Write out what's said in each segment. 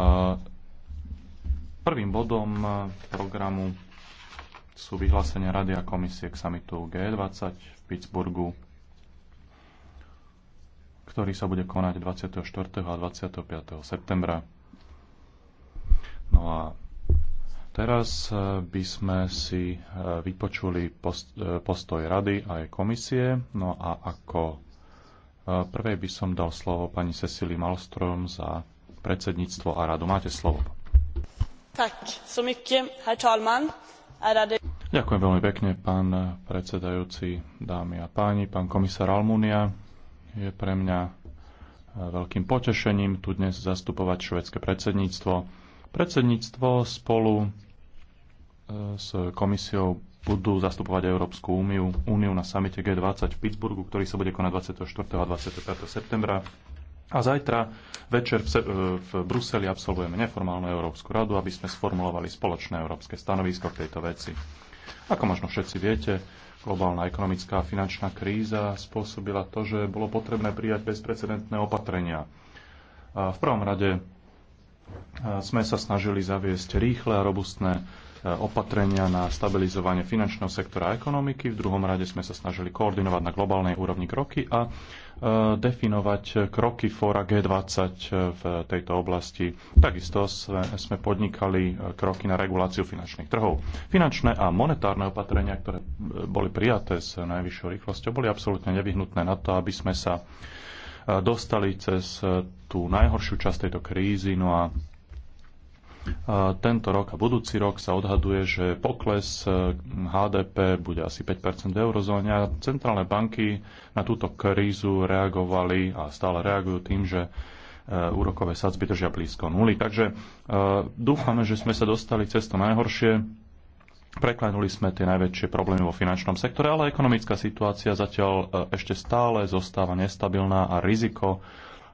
Eh, prvým bodom eh, programu sú vyhlásenia Rady a komisie k samitu G20 v Pittsburghu, ktorý sa bude konať 24. a 25. septembra. No a teraz eh, by sme si vypočuli postoj Rady a aj komisie. No a ako prvej by som dal slovo pani Cecily Malstrom za predsedníctvo a radu. Máte slovo. So talman, rade... Ďakujem veľmi pekne, pán predsedajúci, dámy a páni, pán komisár Almunia. Je pre mňa e, veľkým potešením tu dnes zastupovať švedské predsedníctvo. Predsedníctvo spolu e, s komisiou budú zastupovať Európsku úniu, úniu na samite G20 v Pittsburghu, ktorý sa bude konať 24. a 25. septembra. A zajtra večer v, Bruseli absolvujeme neformálnu Európsku radu, aby sme sformulovali spoločné európske stanovisko k tejto veci. Ako možno všetci viete, globálna ekonomická a finančná kríza spôsobila to, že bolo potrebné prijať bezprecedentné opatrenia. A v prvom rade sme sa snažili zaviesť rýchle a robustné E, opatrenia na stabilizovanie finančného sektora a ekonomiky. V druhom rade sme sa snažili koordinovať na globálnej úrovni kroky a e, definovať kroky fóra G20 e, v tejto oblasti. Takisto sme podnikali kroky na reguláciu finančných trhov. Finančné a monetárne opatrenia, ktoré boli prijaté s najvyššou rýchlosťou, boli absolútne nevyhnutné na to, aby sme sa dostali cez tú najhoršiu časť tejto krízy. No a tento rok a budúci rok sa odhaduje, že pokles e, HDP bude asi 5 v eurozóne a centrálne banky na túto krízu reagovali a stále reagujú tým, že e, úrokové sadzby držia blízko nuly. Takže e, dúfame, že sme sa dostali cez to najhoršie. Preklenuli sme tie najväčšie problémy vo finančnom sektore, ale ekonomická situácia zatiaľ ešte stále zostáva nestabilná a riziko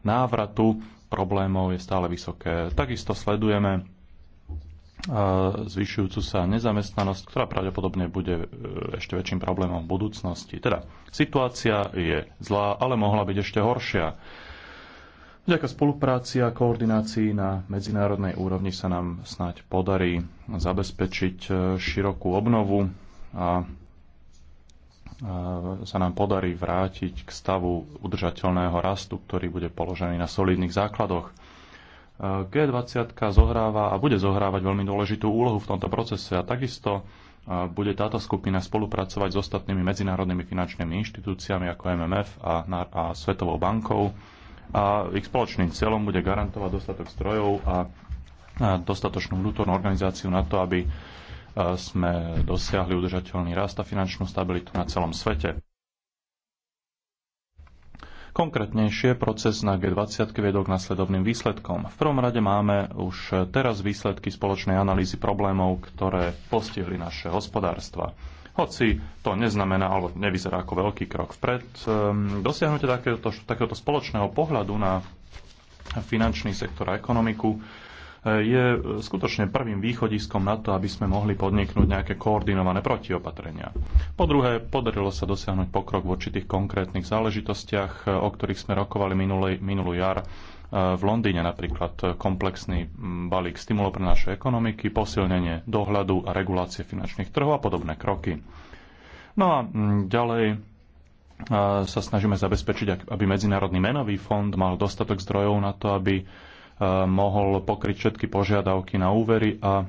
návratu problémov je stále vysoké. Takisto sledujeme zvyšujúcu sa nezamestnanosť, ktorá pravdepodobne bude e, ešte väčším problémom v budúcnosti. Teda situácia je zlá, ale mohla byť ešte horšia. Vďaka spolupráci a koordinácii na medzinárodnej úrovni sa nám snáď podarí zabezpečiť e, širokú obnovu a sa nám podarí vrátiť k stavu udržateľného rastu, ktorý bude položený na solidných základoch. G20 zohráva a bude zohrávať veľmi dôležitú úlohu v tomto procese a takisto bude táto skupina spolupracovať s ostatnými medzinárodnými finančnými inštitúciami ako MMF a, a Svetovou bankou a ich spoločným cieľom bude garantovať dostatok strojov a dostatočnú vnútornú organizáciu na to, aby sme dosiahli udržateľný rast a finančnú stabilitu na celom svete. Konkrétnejšie proces na G20 viedol k nasledovným výsledkom. V prvom rade máme už teraz výsledky spoločnej analýzy problémov, ktoré postihli naše hospodárstva. Hoci to neznamená, alebo nevyzerá ako veľký krok vpred, ehm, dosiahnutie takéhoto, takéhoto spoločného pohľadu na finančný sektor a ekonomiku je skutočne prvým východiskom na to, aby sme mohli podniknúť nejaké koordinované protiopatrenia. Po druhé, podarilo sa dosiahnuť pokrok v určitých konkrétnych záležitostiach, o ktorých sme rokovali minulý, minulú jar e, v Londýne napríklad komplexný balík stimulov pre naše ekonomiky, posilnenie dohľadu a regulácie finančných trhov a podobné kroky. No a ďalej e, sa snažíme zabezpečiť, aby Medzinárodný menový fond mal dostatok zdrojov na to, aby Eh, mohol pokryť všetky požiadavky na úvery a eh,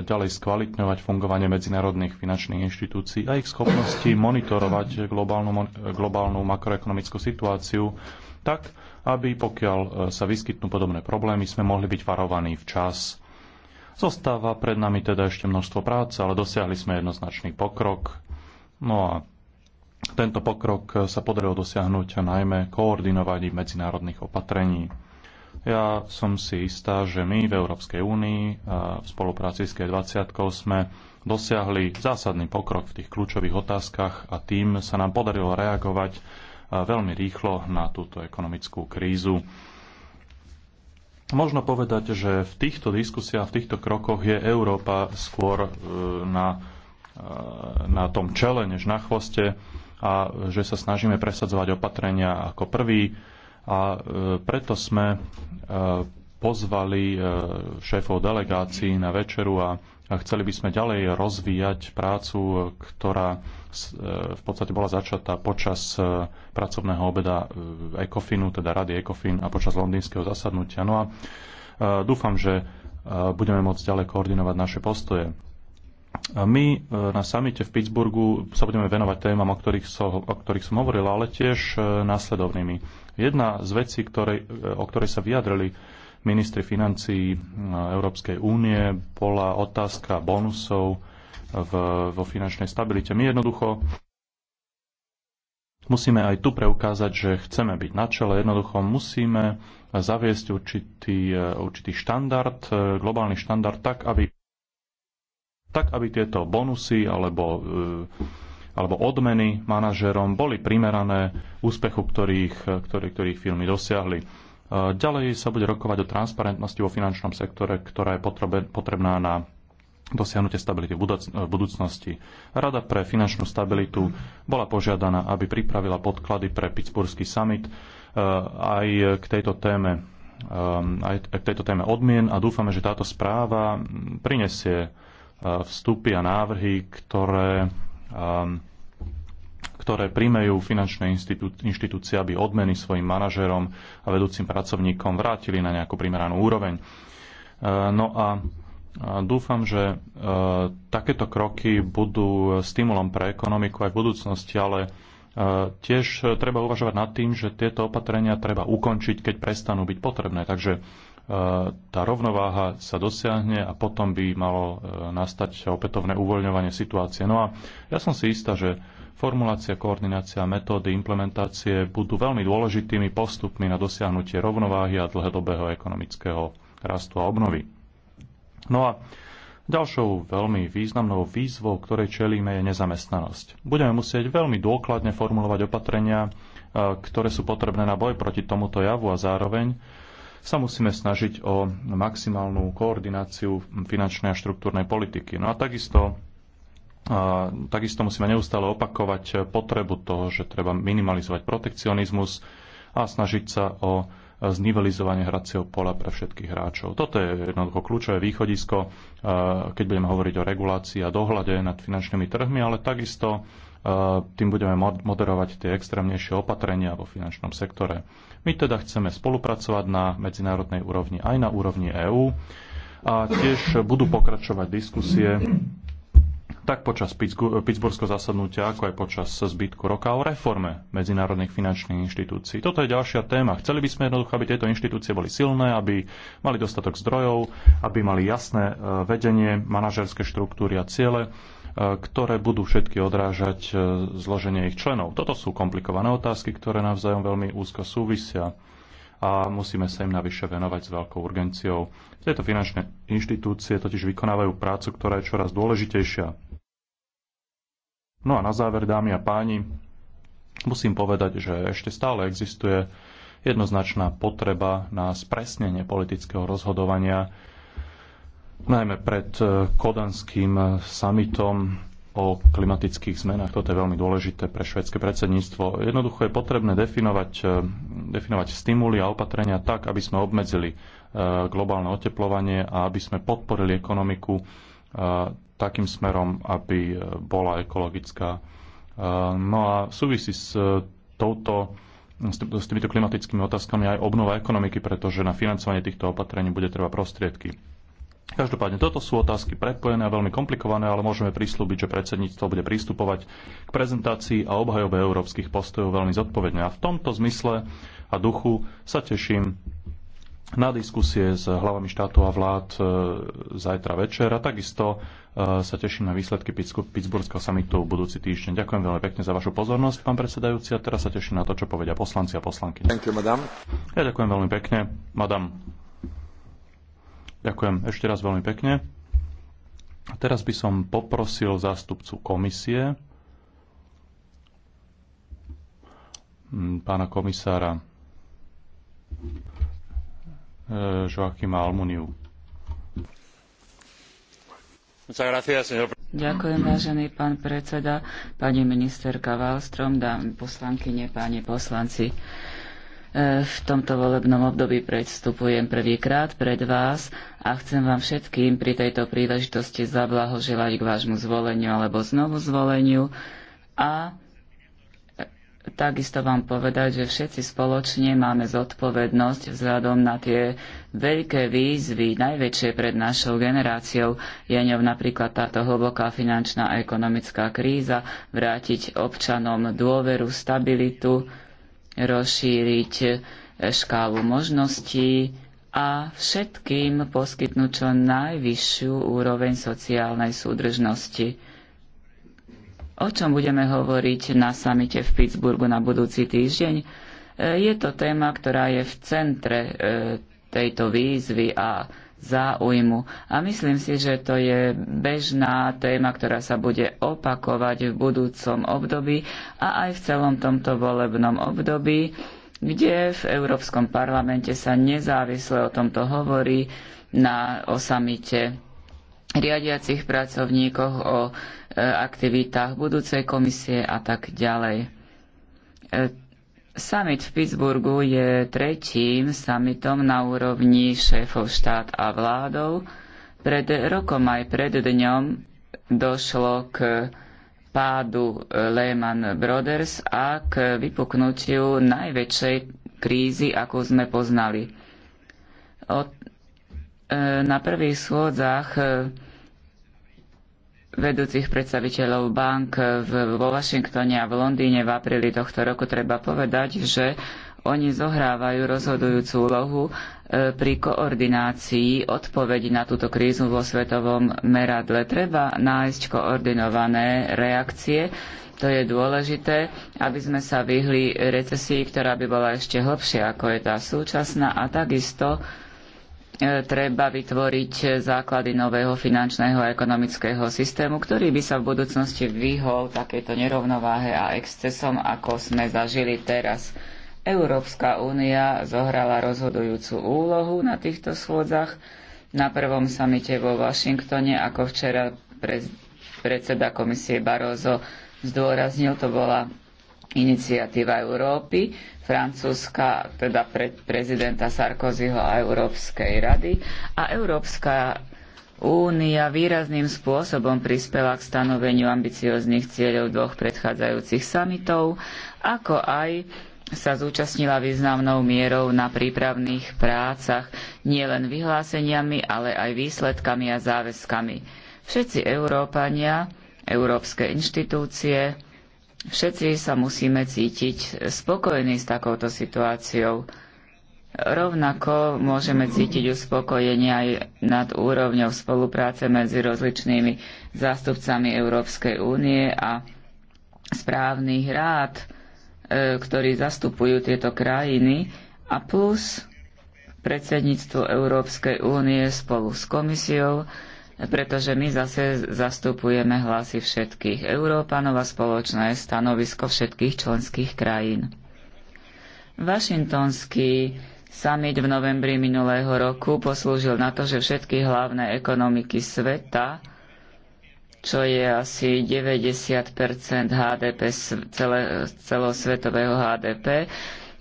ďalej skvalitňovať fungovanie medzinárodných finančných inštitúcií a ich schopnosti monitorovať globálnu, globálnu makroekonomickú situáciu tak, aby pokiaľ eh, sa vyskytnú podobné problémy, sme mohli byť varovaní včas. Zostáva pred nami teda ešte množstvo práce, ale dosiahli sme jednoznačný pokrok. No a tento pokrok sa podarilo dosiahnuť najmä koordinovaním medzinárodných opatrení. Ja som si istá, že my v Európskej únii v spolupráci s G20 sme dosiahli zásadný pokrok v tých kľúčových otázkach a tým sa nám podarilo reagovať veľmi rýchlo na túto ekonomickú krízu. Možno povedať, že v týchto diskusiách, v týchto krokoch je Európa skôr e, na, e, na tom čele, než na chvoste a že sa snažíme presadzovať opatrenia ako prvý a e, preto sme e, pozvali e, šéfov delegácií na večeru a chceli by sme ďalej rozvíjať prácu, ktorá v podstate bola začatá počas pracovného obeda ECOFINu, teda Rady ECOFIN a počas londýnskeho zasadnutia. No a dúfam, že budeme môcť ďalej koordinovať naše postoje. My na samite v Pittsburghu sa budeme venovať témam, o ktorých som, o ktorých som hovoril, ale tiež následovnými Jedna z vecí, ktorej, o ktorej sa vyjadrili ministri financií e, Európskej únie, bola otázka bonusov e, v, vo finančnej stabilite. My jednoducho musíme aj tu preukázať, že chceme byť na čele. Jednoducho musíme zaviesť určitý, e, určitý štandard, globálny štandard, tak aby, tak aby tieto bonusy alebo alebo odmeny manažerom boli primerané úspechu, ktorých, ktorý, ktorých firmy dosiahli. E, ďalej sa bude rokovať o transparentnosti vo finančnom sektore, ktorá je potrebná na dosiahnutie stability v budúcnosti. Rada pre finančnú stabilitu bola požiadaná, aby pripravila podklady pre Pittsburghský summit e, aj k tejto téme e, aj k tejto téme odmien a dúfame, že táto správa prinesie vstupy a návrhy, ktoré Um, ktoré príjmejú finančné inštitúcie, aby odmeny svojim manažerom a vedúcim pracovníkom vrátili na nejakú primeranú úroveň. Uh, no a uh, dúfam, že uh, takéto kroky budú stimulom pre ekonomiku aj v budúcnosti, ale tiež treba uvažovať nad tým, že tieto opatrenia treba ukončiť, keď prestanú byť potrebné. Takže E, tá rovnováha sa dosiahne a potom by malo e, nastať opätovné uvoľňovanie situácie. No a ja som si istá, že formulácia, koordinácia, metódy, implementácie budú veľmi dôležitými postupmi na dosiahnutie rovnováhy a dlhodobého ekonomického rastu a obnovy. No a Ďalšou veľmi významnou výzvou, ktorej čelíme, je nezamestnanosť. Budeme musieť veľmi dôkladne formulovať opatrenia, e, ktoré sú potrebné na boj proti tomuto javu a zároveň sa musíme snažiť o maximálnu koordináciu finančnej a štruktúrnej politiky. No a takisto takisto musíme neustále opakovať potrebu toho, že treba minimalizovať protekcionizmus a snažiť sa o znivelizovanie hracieho pola pre všetkých hráčov. Toto je jednoducho kľúčové východisko, keď budeme hovoriť o regulácii a dohľade nad finančnými trhmi, ale takisto tým budeme moderovať tie extrémnejšie opatrenia vo finančnom sektore. My teda chceme spolupracovať na medzinárodnej úrovni aj na úrovni EÚ a tiež budú pokračovať diskusie tak počas Pittsburghského zasadnutia, ako aj počas zbytku roka o reforme medzinárodných finančných inštitúcií. Toto je ďalšia téma. Chceli by sme jednoducho, aby tieto inštitúcie boli silné, aby mali dostatok zdrojov, aby mali jasné e, vedenie, manažerské štruktúry a ciele ktoré budú všetky odrážať e, zloženie ich členov. Toto sú komplikované otázky, ktoré navzájom veľmi úzko súvisia a musíme sa im navyše venovať s veľkou urgenciou. Tieto finančné inštitúcie totiž vykonávajú prácu, ktorá je čoraz dôležitejšia. No a na záver, dámy a páni, musím povedať, že ešte stále existuje jednoznačná potreba na spresnenie politického rozhodovania najmä pred e, kodanským e, samitom o klimatických zmenách. Toto je veľmi dôležité pre švedské predsedníctvo. Jednoducho je potrebné definovať, e, definovať stimuly a opatrenia tak, aby sme obmedzili globálne oteplovanie a aby sme podporili ekonomiku takým smerom, aby bola ekologická. No a súvisí s, touto, s týmito klimatickými otázkami aj obnova ekonomiky, pretože na financovanie týchto opatrení bude treba prostriedky. Každopádne toto sú otázky prepojené a veľmi komplikované, ale môžeme prislúbiť, že predsedníctvo bude pristupovať k prezentácii a obhajobe európskych postojov veľmi zodpovedne. A v tomto zmysle a duchu sa teším na diskusie s hlavami štátov a vlád e, zajtra večer a takisto e, sa teším na výsledky Pittsburghského samitu v budúci týždeň. Ďakujem veľmi pekne za vašu pozornosť, pán predsedajúci, a teraz sa teším na to, čo povedia poslanci a poslanky. You, ja ďakujem veľmi pekne, madam. Ďakujem ešte raz veľmi pekne. A teraz by som poprosil zástupcu komisie, mm, pána komisára e, Joachima Almuniu. Ďakujem, vážený pán predseda, pani ministerka Wallström, dámy poslankyne, páni poslanci v tomto volebnom období predstupujem prvýkrát pred vás a chcem vám všetkým pri tejto príležitosti zablahoželať k vášmu zvoleniu alebo znovu zvoleniu a takisto vám povedať, že všetci spoločne máme zodpovednosť vzhľadom na tie veľké výzvy, najväčšie pred našou generáciou. Je ňou napríklad táto hlboká finančná a ekonomická kríza, vrátiť občanom dôveru, stabilitu, rozšíriť eh, škálu možností a všetkým poskytnúť čo najvyššiu úroveň sociálnej súdržnosti. O čom budeme hovoriť na samite v Pittsburghu na budúci týždeň? Eh, je to téma, ktorá je v centre eh, tejto výzvy a záujmu. A myslím si, že to je bežná téma, ktorá sa bude opakovať v budúcom období a aj v celom tomto volebnom období, kde v Európskom parlamente sa nezávisle o tomto hovorí na osamite riadiacich pracovníkoch, o e, aktivitách budúcej komisie a tak ďalej e, Summit v Pittsburghu je tretím summitom na úrovni šéfov štát a vládov. Pred rokom aj pred dňom došlo k pádu e, Lehman Brothers a k vypuknutiu najväčšej krízy, akú sme poznali. Od, e, na prvých schôdzach e, vedúcich predstaviteľov bank vo Washingtone a v Londýne v apríli tohto roku treba povedať, že oni zohrávajú rozhodujúcu úlohu e, pri koordinácii odpovedi na túto krízu vo svetovom meradle. Treba nájsť koordinované reakcie. To je dôležité, aby sme sa vyhli recesii, ktorá by bola ešte hlbšia, ako je tá súčasná a takisto E, treba vytvoriť základy nového finančného a ekonomického systému, ktorý by sa v budúcnosti vyhol takéto nerovnováhe a excesom, ako sme zažili teraz. Európska únia zohrala rozhodujúcu úlohu na týchto schôdzach. Na prvom samite vo Washingtone, ako včera predseda komisie Barozo zdôraznil, to bola iniciatíva Európy Francúzska, teda pre prezidenta Sarkozyho a Európskej rady. A Európska únia výrazným spôsobom prispela k stanoveniu ambicióznych cieľov dvoch predchádzajúcich samitov, ako aj sa zúčastnila významnou mierou na prípravných prácach, nielen vyhláseniami, ale aj výsledkami a záväzkami. Všetci Európania, európske inštitúcie, Všetci sa musíme cítiť spokojní s takouto situáciou. Rovnako môžeme cítiť uspokojenie aj nad úrovňou spolupráce medzi rozličnými zástupcami Európskej únie a správnych rád, e, ktorí zastupujú tieto krajiny a plus predsedníctvo Európskej únie spolu s komisiou pretože my zase zastupujeme hlasy všetkých Európanov a spoločné stanovisko všetkých členských krajín. Washingtonský summit v novembri minulého roku poslúžil na to, že všetky hlavné ekonomiky sveta, čo je asi 90 HDP celosvetového HDP,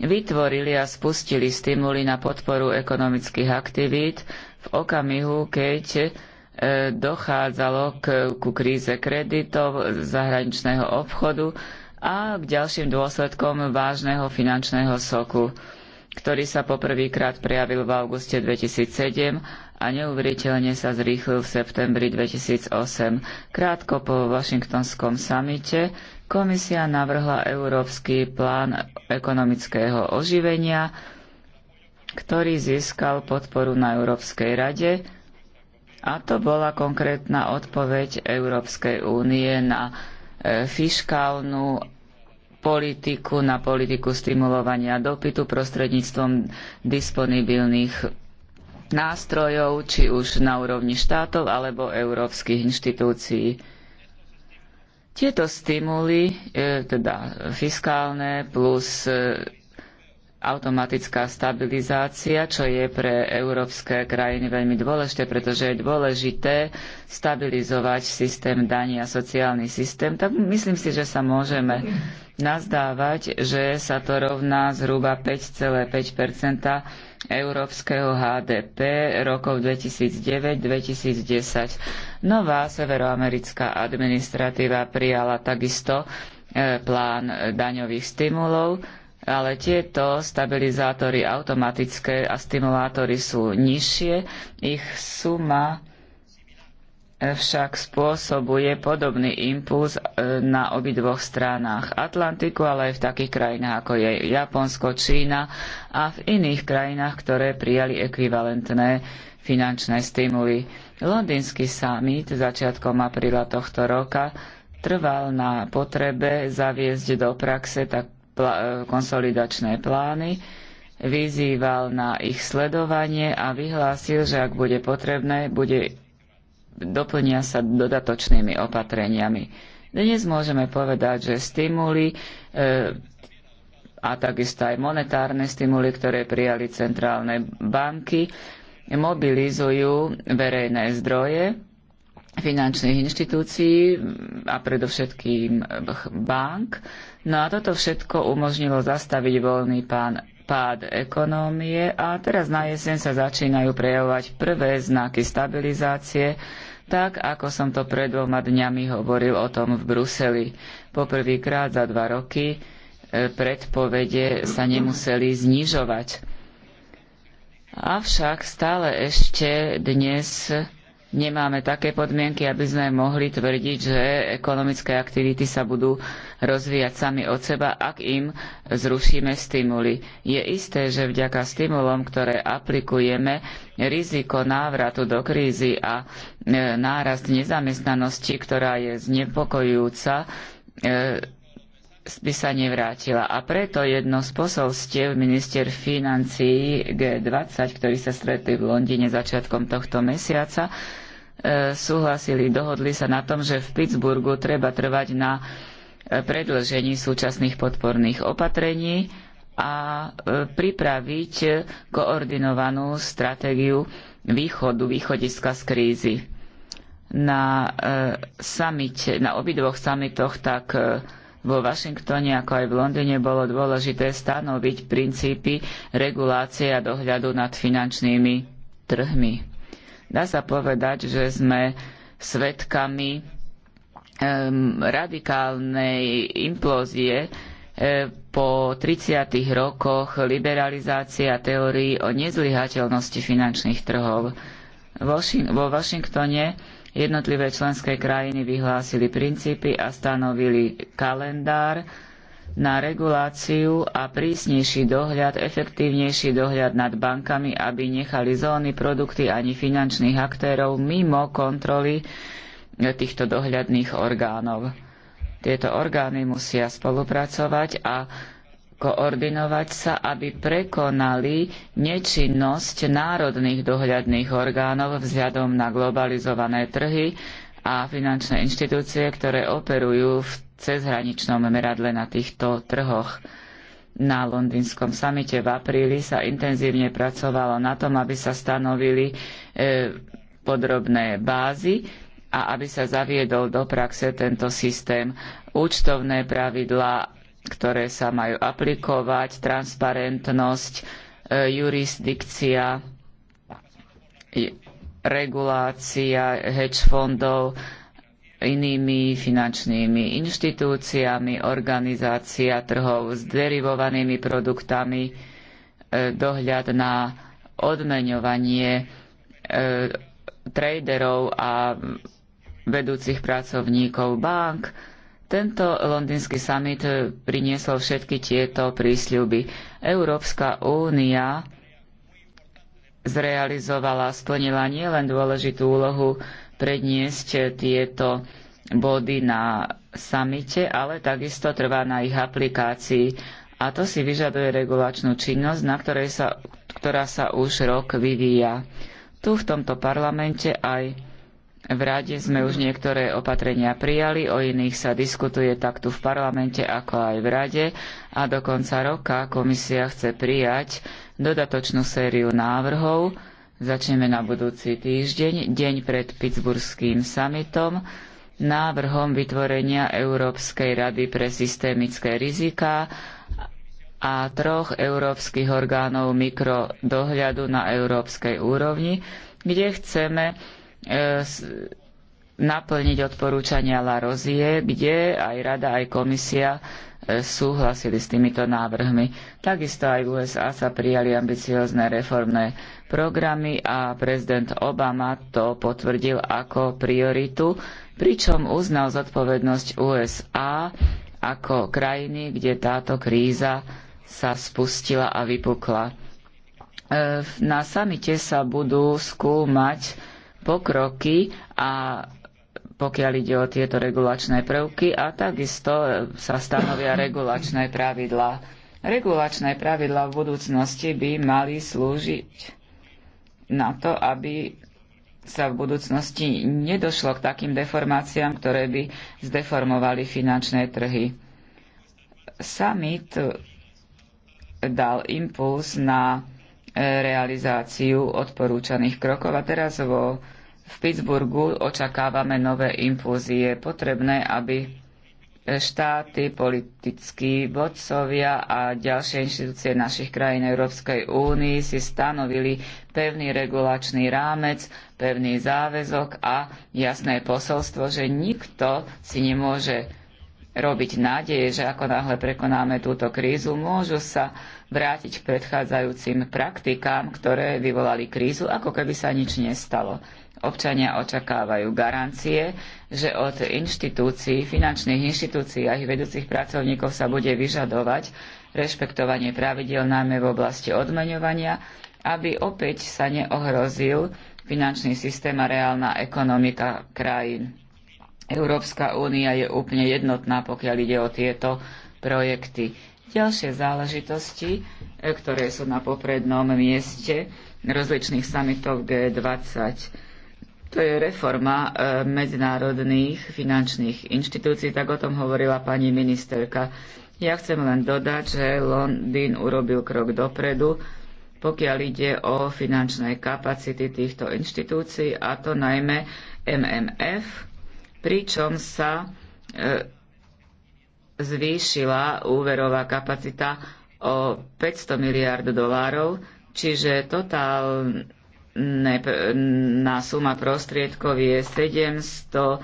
vytvorili a spustili stimuly na podporu ekonomických aktivít v okamihu, keď E, dochádzalo k, ku kríze kreditov, zahraničného obchodu a k ďalším dôsledkom vážneho finančného soku, ktorý sa poprvýkrát prejavil v auguste 2007 a neuveriteľne sa zrýchlil v septembri 2008. Krátko po Washingtonskom samite komisia navrhla Európsky plán ekonomického oživenia, ktorý získal podporu na Európskej rade a to bola konkrétna odpoveď Európskej únie na e, fiškálnu politiku, na politiku stimulovania dopytu prostredníctvom disponibilných nástrojov, či už na úrovni štátov alebo európskych inštitúcií. Tieto stimuly, e, teda fiskálne plus e, automatická stabilizácia, čo je pre európske krajiny veľmi dôležité, pretože je dôležité stabilizovať systém daní a sociálny systém, tak myslím si, že sa môžeme nazdávať, že sa to rovná zhruba 5,5 európskeho HDP rokov 2009-2010. Nová severoamerická administratíva prijala takisto eh, plán daňových stimulov, ale tieto stabilizátory automatické a stimulátory sú nižšie, ich suma však spôsobuje podobný impuls e, na obidvoch stranách Atlantiku, ale aj v takých krajinách ako je Japonsko, Čína a v iných krajinách, ktoré prijali ekvivalentné finančné stimuly. Londýnsky summit začiatkom apríla tohto roka trval na potrebe zaviesť do praxe tak E, konsolidačné plány, vyzýval na ich sledovanie a vyhlásil, že ak bude potrebné, bude, doplnia sa dodatočnými opatreniami. Dnes môžeme povedať, že stimuly e, a takisto aj monetárne stimuly, ktoré prijali centrálne banky, mobilizujú verejné zdroje finančných inštitúcií a predovšetkým bank. No a toto všetko umožnilo zastaviť voľný pán, pád ekonómie a teraz na jeseň sa začínajú prejavovať prvé znaky stabilizácie, tak ako som to pred dvoma dňami hovoril o tom v Bruseli. Poprvýkrát za dva roky e, predpovede sa nemuseli znižovať. Avšak stále ešte dnes nemáme také podmienky, aby sme mohli tvrdiť, že ekonomické aktivity sa budú rozvíjať sami od seba, ak im zrušíme stimuly. Je isté, že vďaka stimulom, ktoré aplikujeme, riziko návratu do krízy a e, nárast nezamestnanosti, ktorá je znepokojujúca, e, by sa nevrátila. A preto jedno z posolstiev minister financií G20, ktorý sa stretli v Londýne začiatkom tohto mesiaca, súhlasili, dohodli sa na tom, že v Pittsburghu treba trvať na e, predlžení súčasných podporných opatrení a e, pripraviť koordinovanú stratégiu východu, východiska z krízy. Na, e, samite, na obidvoch samitoch tak vo Washingtone ako aj v Londýne bolo dôležité stanoviť princípy regulácie a dohľadu nad finančnými trhmi. Dá sa povedať, že sme svetkami um, radikálnej implózie po 30 rokoch liberalizácia teórii o nezlyhateľnosti finančných trhov. Vo Washingtone jednotlivé členské krajiny vyhlásili princípy a stanovili kalendár, na reguláciu a prísnejší dohľad, efektívnejší dohľad nad bankami, aby nechali zóny, produkty ani finančných aktérov mimo kontroly týchto dohľadných orgánov. Tieto orgány musia spolupracovať a koordinovať sa, aby prekonali nečinnosť národných dohľadných orgánov vzhľadom na globalizované trhy a finančné inštitúcie, ktoré operujú v cezhraničnom meradle na týchto trhoch. Na londýnskom samite v apríli sa intenzívne pracovalo na tom, aby sa stanovili e, podrobné bázy a aby sa zaviedol do praxe tento systém účtovné pravidlá, ktoré sa majú aplikovať, transparentnosť, e, jurisdikcia, regulácia hedge fondov, inými finančnými inštitúciami, organizácia trhov s derivovanými produktami, e, dohľad na odmeňovanie e, traderov a vedúcich pracovníkov bank. Tento londýnsky summit priniesol všetky tieto prísľuby. Európska únia zrealizovala, splnila nielen dôležitú úlohu predniesť tieto body na samite, ale takisto trvá na ich aplikácii. A to si vyžaduje regulačnú činnosť, na ktorej sa, ktorá sa už rok vyvíja. Tu v tomto parlamente aj v rade sme už niektoré opatrenia prijali, o iných sa diskutuje tak tu v parlamente ako aj v rade a do konca roka komisia chce prijať dodatočnú sériu návrhov, Začneme na budúci týždeň, deň pred Pittsburghským summitom, návrhom vytvorenia Európskej rady pre systémické riziká a troch európskych orgánov mikrodohľadu na európskej úrovni, kde chceme e, naplniť odporúčania La Rozie, kde aj rada, aj komisia e, súhlasili s týmito návrhmi. Takisto aj v USA sa prijali ambiciozne reformné programy a prezident Obama to potvrdil ako prioritu, pričom uznal zodpovednosť USA ako krajiny, kde táto kríza sa spustila a vypukla. E, na samite sa budú skúmať pokroky a pokiaľ ide o tieto regulačné prvky a takisto e, sa stanovia regulačné pravidlá. Regulačné pravidlá v budúcnosti by mali slúžiť na to, aby sa v budúcnosti nedošlo k takým deformáciám, ktoré by zdeformovali finančné trhy. Summit dal impuls na e, realizáciu odporúčaných krokov a teraz vo v Pittsburghu očakávame nové infúzie potrebné, aby štáty, politickí vodcovia a ďalšie inštitúcie našich krajín Európskej únii si stanovili pevný regulačný rámec, pevný záväzok a jasné posolstvo, že nikto si nemôže robiť nádeje, že ako náhle prekonáme túto krízu, môžu sa vrátiť k predchádzajúcim praktikám, ktoré vyvolali krízu, ako keby sa nič nestalo. Občania očakávajú garancie, že od inštitúcií, finančných inštitúcií a ich vedúcich pracovníkov sa bude vyžadovať rešpektovanie pravidel najmä v oblasti odmeňovania, aby opäť sa neohrozil finančný systém a reálna ekonomika krajín. Európska únia je úplne jednotná, pokiaľ ide o tieto projekty. Ďalšie záležitosti, e, ktoré sú na poprednom mieste rozličných samitov G20 to je reforma e, medzinárodných finančných inštitúcií, tak o tom hovorila pani ministerka. Ja chcem len dodať, že Londýn urobil krok dopredu, pokiaľ ide o finančné kapacity týchto inštitúcií, a to najmä MMF, pričom sa e, zvýšila úverová kapacita o 500 miliard dolárov, čiže totál na suma prostriedkov je 750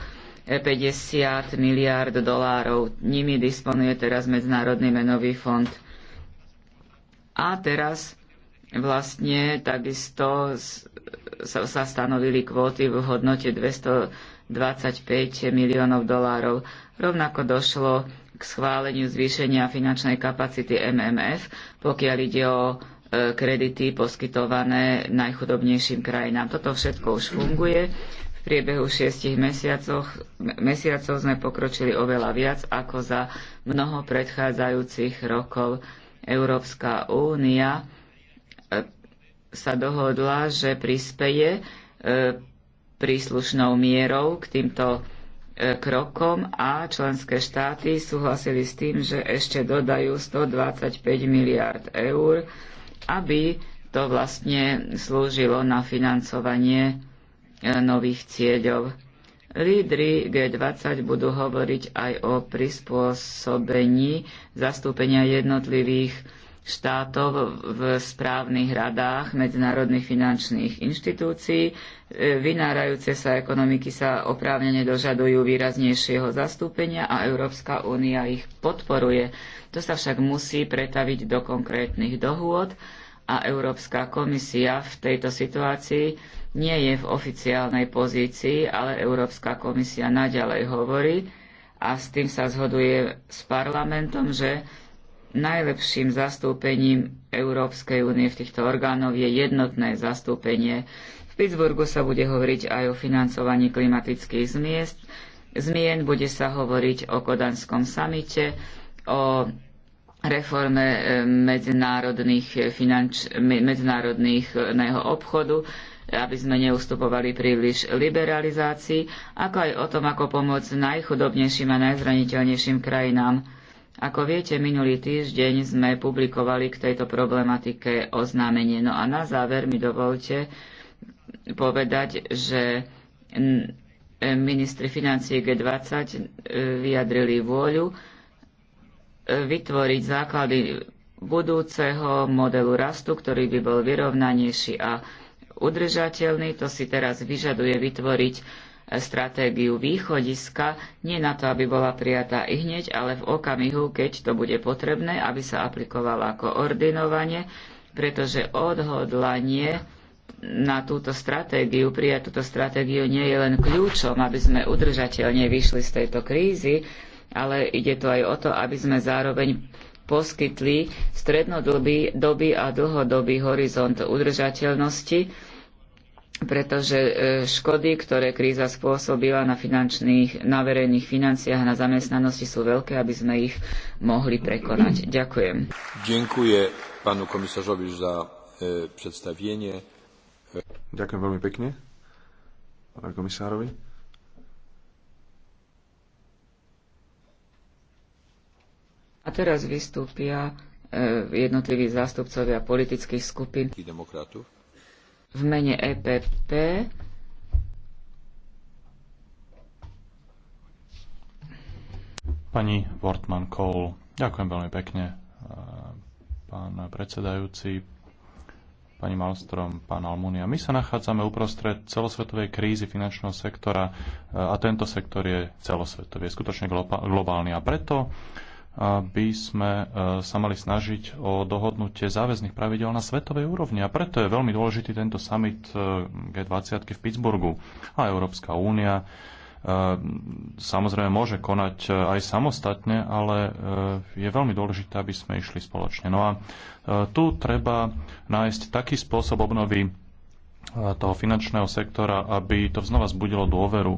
miliárd dolárov. Nimi disponuje teraz Medzinárodný menový fond. A teraz vlastne takisto sa stanovili kvóty v hodnote 225 miliónov dolárov. Rovnako došlo k schváleniu zvýšenia finančnej kapacity MMF, pokiaľ ide o E, kredity poskytované najchudobnejším krajinám. Toto všetko už funguje. V priebehu šiestich mesiacov, mesiacov sme pokročili oveľa viac ako za mnoho predchádzajúcich rokov. Európska únia e, sa dohodla, že prispeje e, príslušnou mierou k týmto krokom a členské štáty súhlasili s tým, že ešte dodajú 125 miliard eur aby to vlastne slúžilo na financovanie e, nových cieľov. Lídry G20 budú hovoriť aj o prispôsobení zastúpenia jednotlivých štátov v správnych radách medzinárodných finančných inštitúcií. E, vynárajúce sa ekonomiky sa oprávnene dožadujú výraznejšieho zastúpenia a Európska únia ich podporuje. To sa však musí pretaviť do konkrétnych dohôd a Európska komisia v tejto situácii nie je v oficiálnej pozícii, ale Európska komisia naďalej hovorí a s tým sa zhoduje s parlamentom, že najlepším zastúpením Európskej únie v týchto orgánoch je jednotné zastúpenie. V Pittsburghu sa bude hovoriť aj o financovaní klimatických zmien, bude sa hovoriť o Kodanskom samite, o reforme eh, medzinárodných, eh, finanč, medzinárodného obchodu, eh, aby sme neustupovali príliš liberalizácii, ako aj o tom, ako pomôcť najchudobnejším a najzraniteľnejším krajinám. Ako viete, minulý týždeň sme publikovali k tejto problematike oznámenie. No a na záver mi dovolte povedať, že ministri financie G20 vyjadrili vôľu, vytvoriť základy budúceho modelu rastu, ktorý by bol vyrovnanejší a udržateľný. To si teraz vyžaduje vytvoriť e, stratégiu východiska, nie na to, aby bola prijatá i hneď, ale v okamihu, keď to bude potrebné, aby sa aplikovala ordinovanie, pretože odhodlanie na túto stratégiu, prijať túto stratégiu nie je len kľúčom, aby sme udržateľne vyšli z tejto krízy, ale ide tu aj o to, aby sme zároveň poskytli strednodobý doby a dlhodobý horizont udržateľnosti, pretože e, škody, ktoré kríza spôsobila na, finančných, na verejných financiách, na zamestnanosti sú veľké, aby sme ich mohli prekonať. Ďakujem. Ďakujem pánu komisažovi za e, predstavenie. Ďakujem veľmi pekne, pánu komisárovi. A teraz vystúpia e, jednotliví zástupcovia politických skupín. V mene EPP Pani Wortman Kohl, ďakujem veľmi pekne, e, pán predsedajúci, pani Malstrom, pán Almunia. My sa nachádzame uprostred celosvetovej krízy finančného sektora e, a tento sektor je celosvetový, je skutočne globálny a preto by sme e, sa mali snažiť o dohodnutie záväzných pravidel na svetovej úrovni. A preto je veľmi dôležitý tento summit e, G20 v Pittsburghu. A Európska únia e, samozrejme môže konať aj samostatne, ale je veľmi dôležité, aby sme išli spoločne. No a tu treba nájsť taký spôsob obnovy toho finančného sektora, aby to znova zbudilo dôveru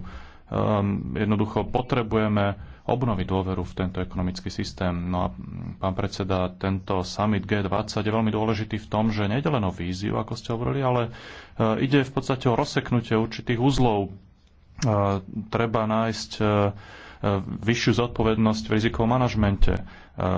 Ehm, jednoducho potrebujeme obnoviť dôveru v tento ekonomický systém. No a pán predseda, tento summit G20 je veľmi dôležitý v tom, že nejde len o víziu, ako ste hovorili, ale eh, ide v podstate o rozseknutie určitých uzlov. Eh, treba nájsť eh, vyššiu zodpovednosť v rizikovom manažmente.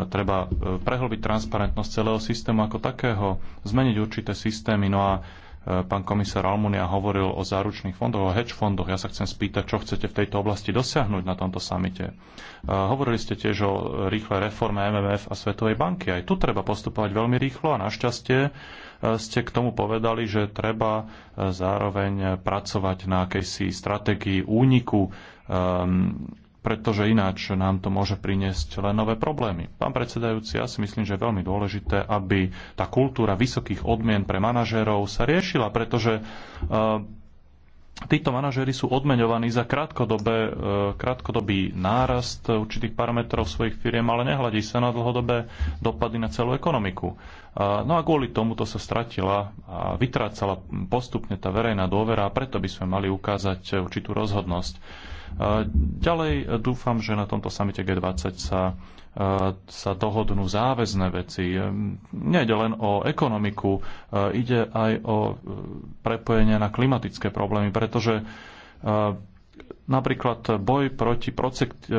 Treba prehlbiť transparentnosť celého systému ako takého, zmeniť určité systémy. No a Eh, pán komisár Almunia hovoril o záručných fondoch, o hedge fondoch. Ja sa chcem spýtať, čo chcete v tejto oblasti dosiahnuť na tomto samite. Eh, hovorili ste tiež o rýchlej reforme MMF a Svetovej banky. Aj tu treba postupovať veľmi rýchlo a našťastie eh, ste k tomu povedali, že treba zároveň pracovať na akejsi stratégii úniku ehm, pretože ináč nám to môže priniesť len nové problémy. Pán predsedajúci, ja si myslím, že je veľmi dôležité, aby tá kultúra vysokých odmien pre manažérov sa riešila, pretože eh, títo manažéri sú odmeňovaní za krátkodobé, eh, krátkodobý nárast určitých parametrov svojich firiem, ale nehľadí sa na dlhodobé dopady na celú ekonomiku. Eh, no a kvôli tomuto sa stratila a vytrácala postupne tá verejná dôvera a preto by sme mali ukázať určitú rozhodnosť. Ďalej e, dúfam, že na tomto samite G20 sa, e, sa dohodnú záväzné veci. E, nejde len o ekonomiku, ide aj o prepojenie na klimatické problémy, pretože napríklad boj proti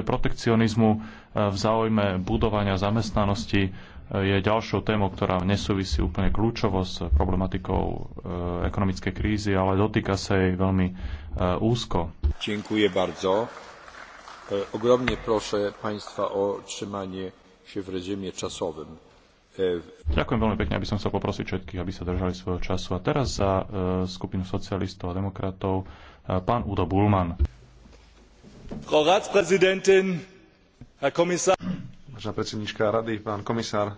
protekcionizmu v záujme budovania zamestnanosti je ďalšou témou, ktorá nesúvisí úplne kľúčovo s problematikou e, ekonomickej krízy, ale dotýka sa jej veľmi e, úzko. Ďakujem bardzo. E, Ogromne proszę Państwa o trzymanie się w reżimie czasowym. Ďakujem veľmi pekne, aby som sa poprosiť všetkých, aby sa držali svojho času. A teraz za skupinu socialistov a demokratov pán Udo Bulman. Frau Ratspräsidentin, Herr Kommissar. Vážená predsednička rady, pán komisár,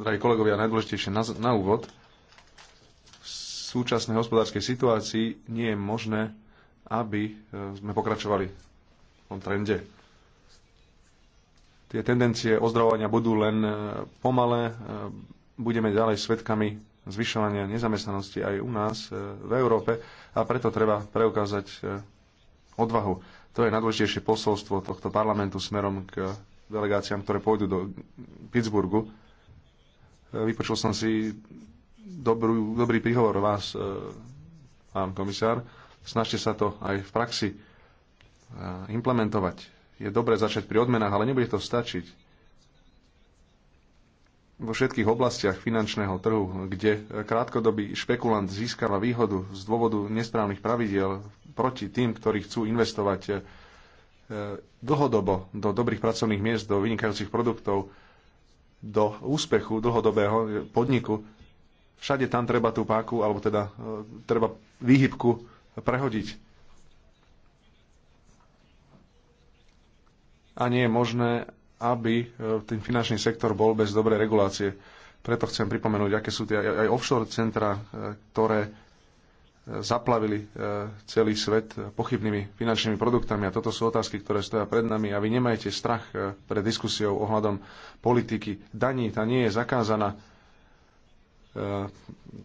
drahí kolegovia, najdôležitejšie na, na úvod. V súčasnej hospodárskej situácii nie je možné, aby e, sme pokračovali v tom trende. Tie tendencie ozdravovania budú len e, pomalé, e, budeme ďalej svetkami zvyšovania nezamestnanosti aj u nás v Európe a preto treba preukázať odvahu. To je najdôležitejšie posolstvo tohto parlamentu smerom k delegáciám, ktoré pôjdu do Pittsburghu. E, vypočul som si dobrú, dobrý príhovor vás, e, pán komisár. Snažte sa to aj v praxi e, implementovať. Je dobré začať pri odmenách, ale nebude to stačiť. Vo všetkých oblastiach finančného trhu, kde krátkodobý špekulant získava výhodu z dôvodu nesprávnych pravidiel proti tým, ktorí chcú investovať E, dlhodobo do dobrých pracovných miest, do vynikajúcich produktov, do úspechu dlhodobého podniku, všade tam treba tú páku, alebo teda e, treba výhybku prehodiť. A nie je možné, aby e, ten finančný sektor bol bez dobrej regulácie. Preto chcem pripomenúť, aké sú tie aj offshore centra, ktoré zaplavili e, celý svet pochybnými finančnými produktami. A toto sú otázky, ktoré stoja pred nami. A vy nemajte strach e, pred diskusiou ohľadom politiky daní. Tá nie je zakázaná e,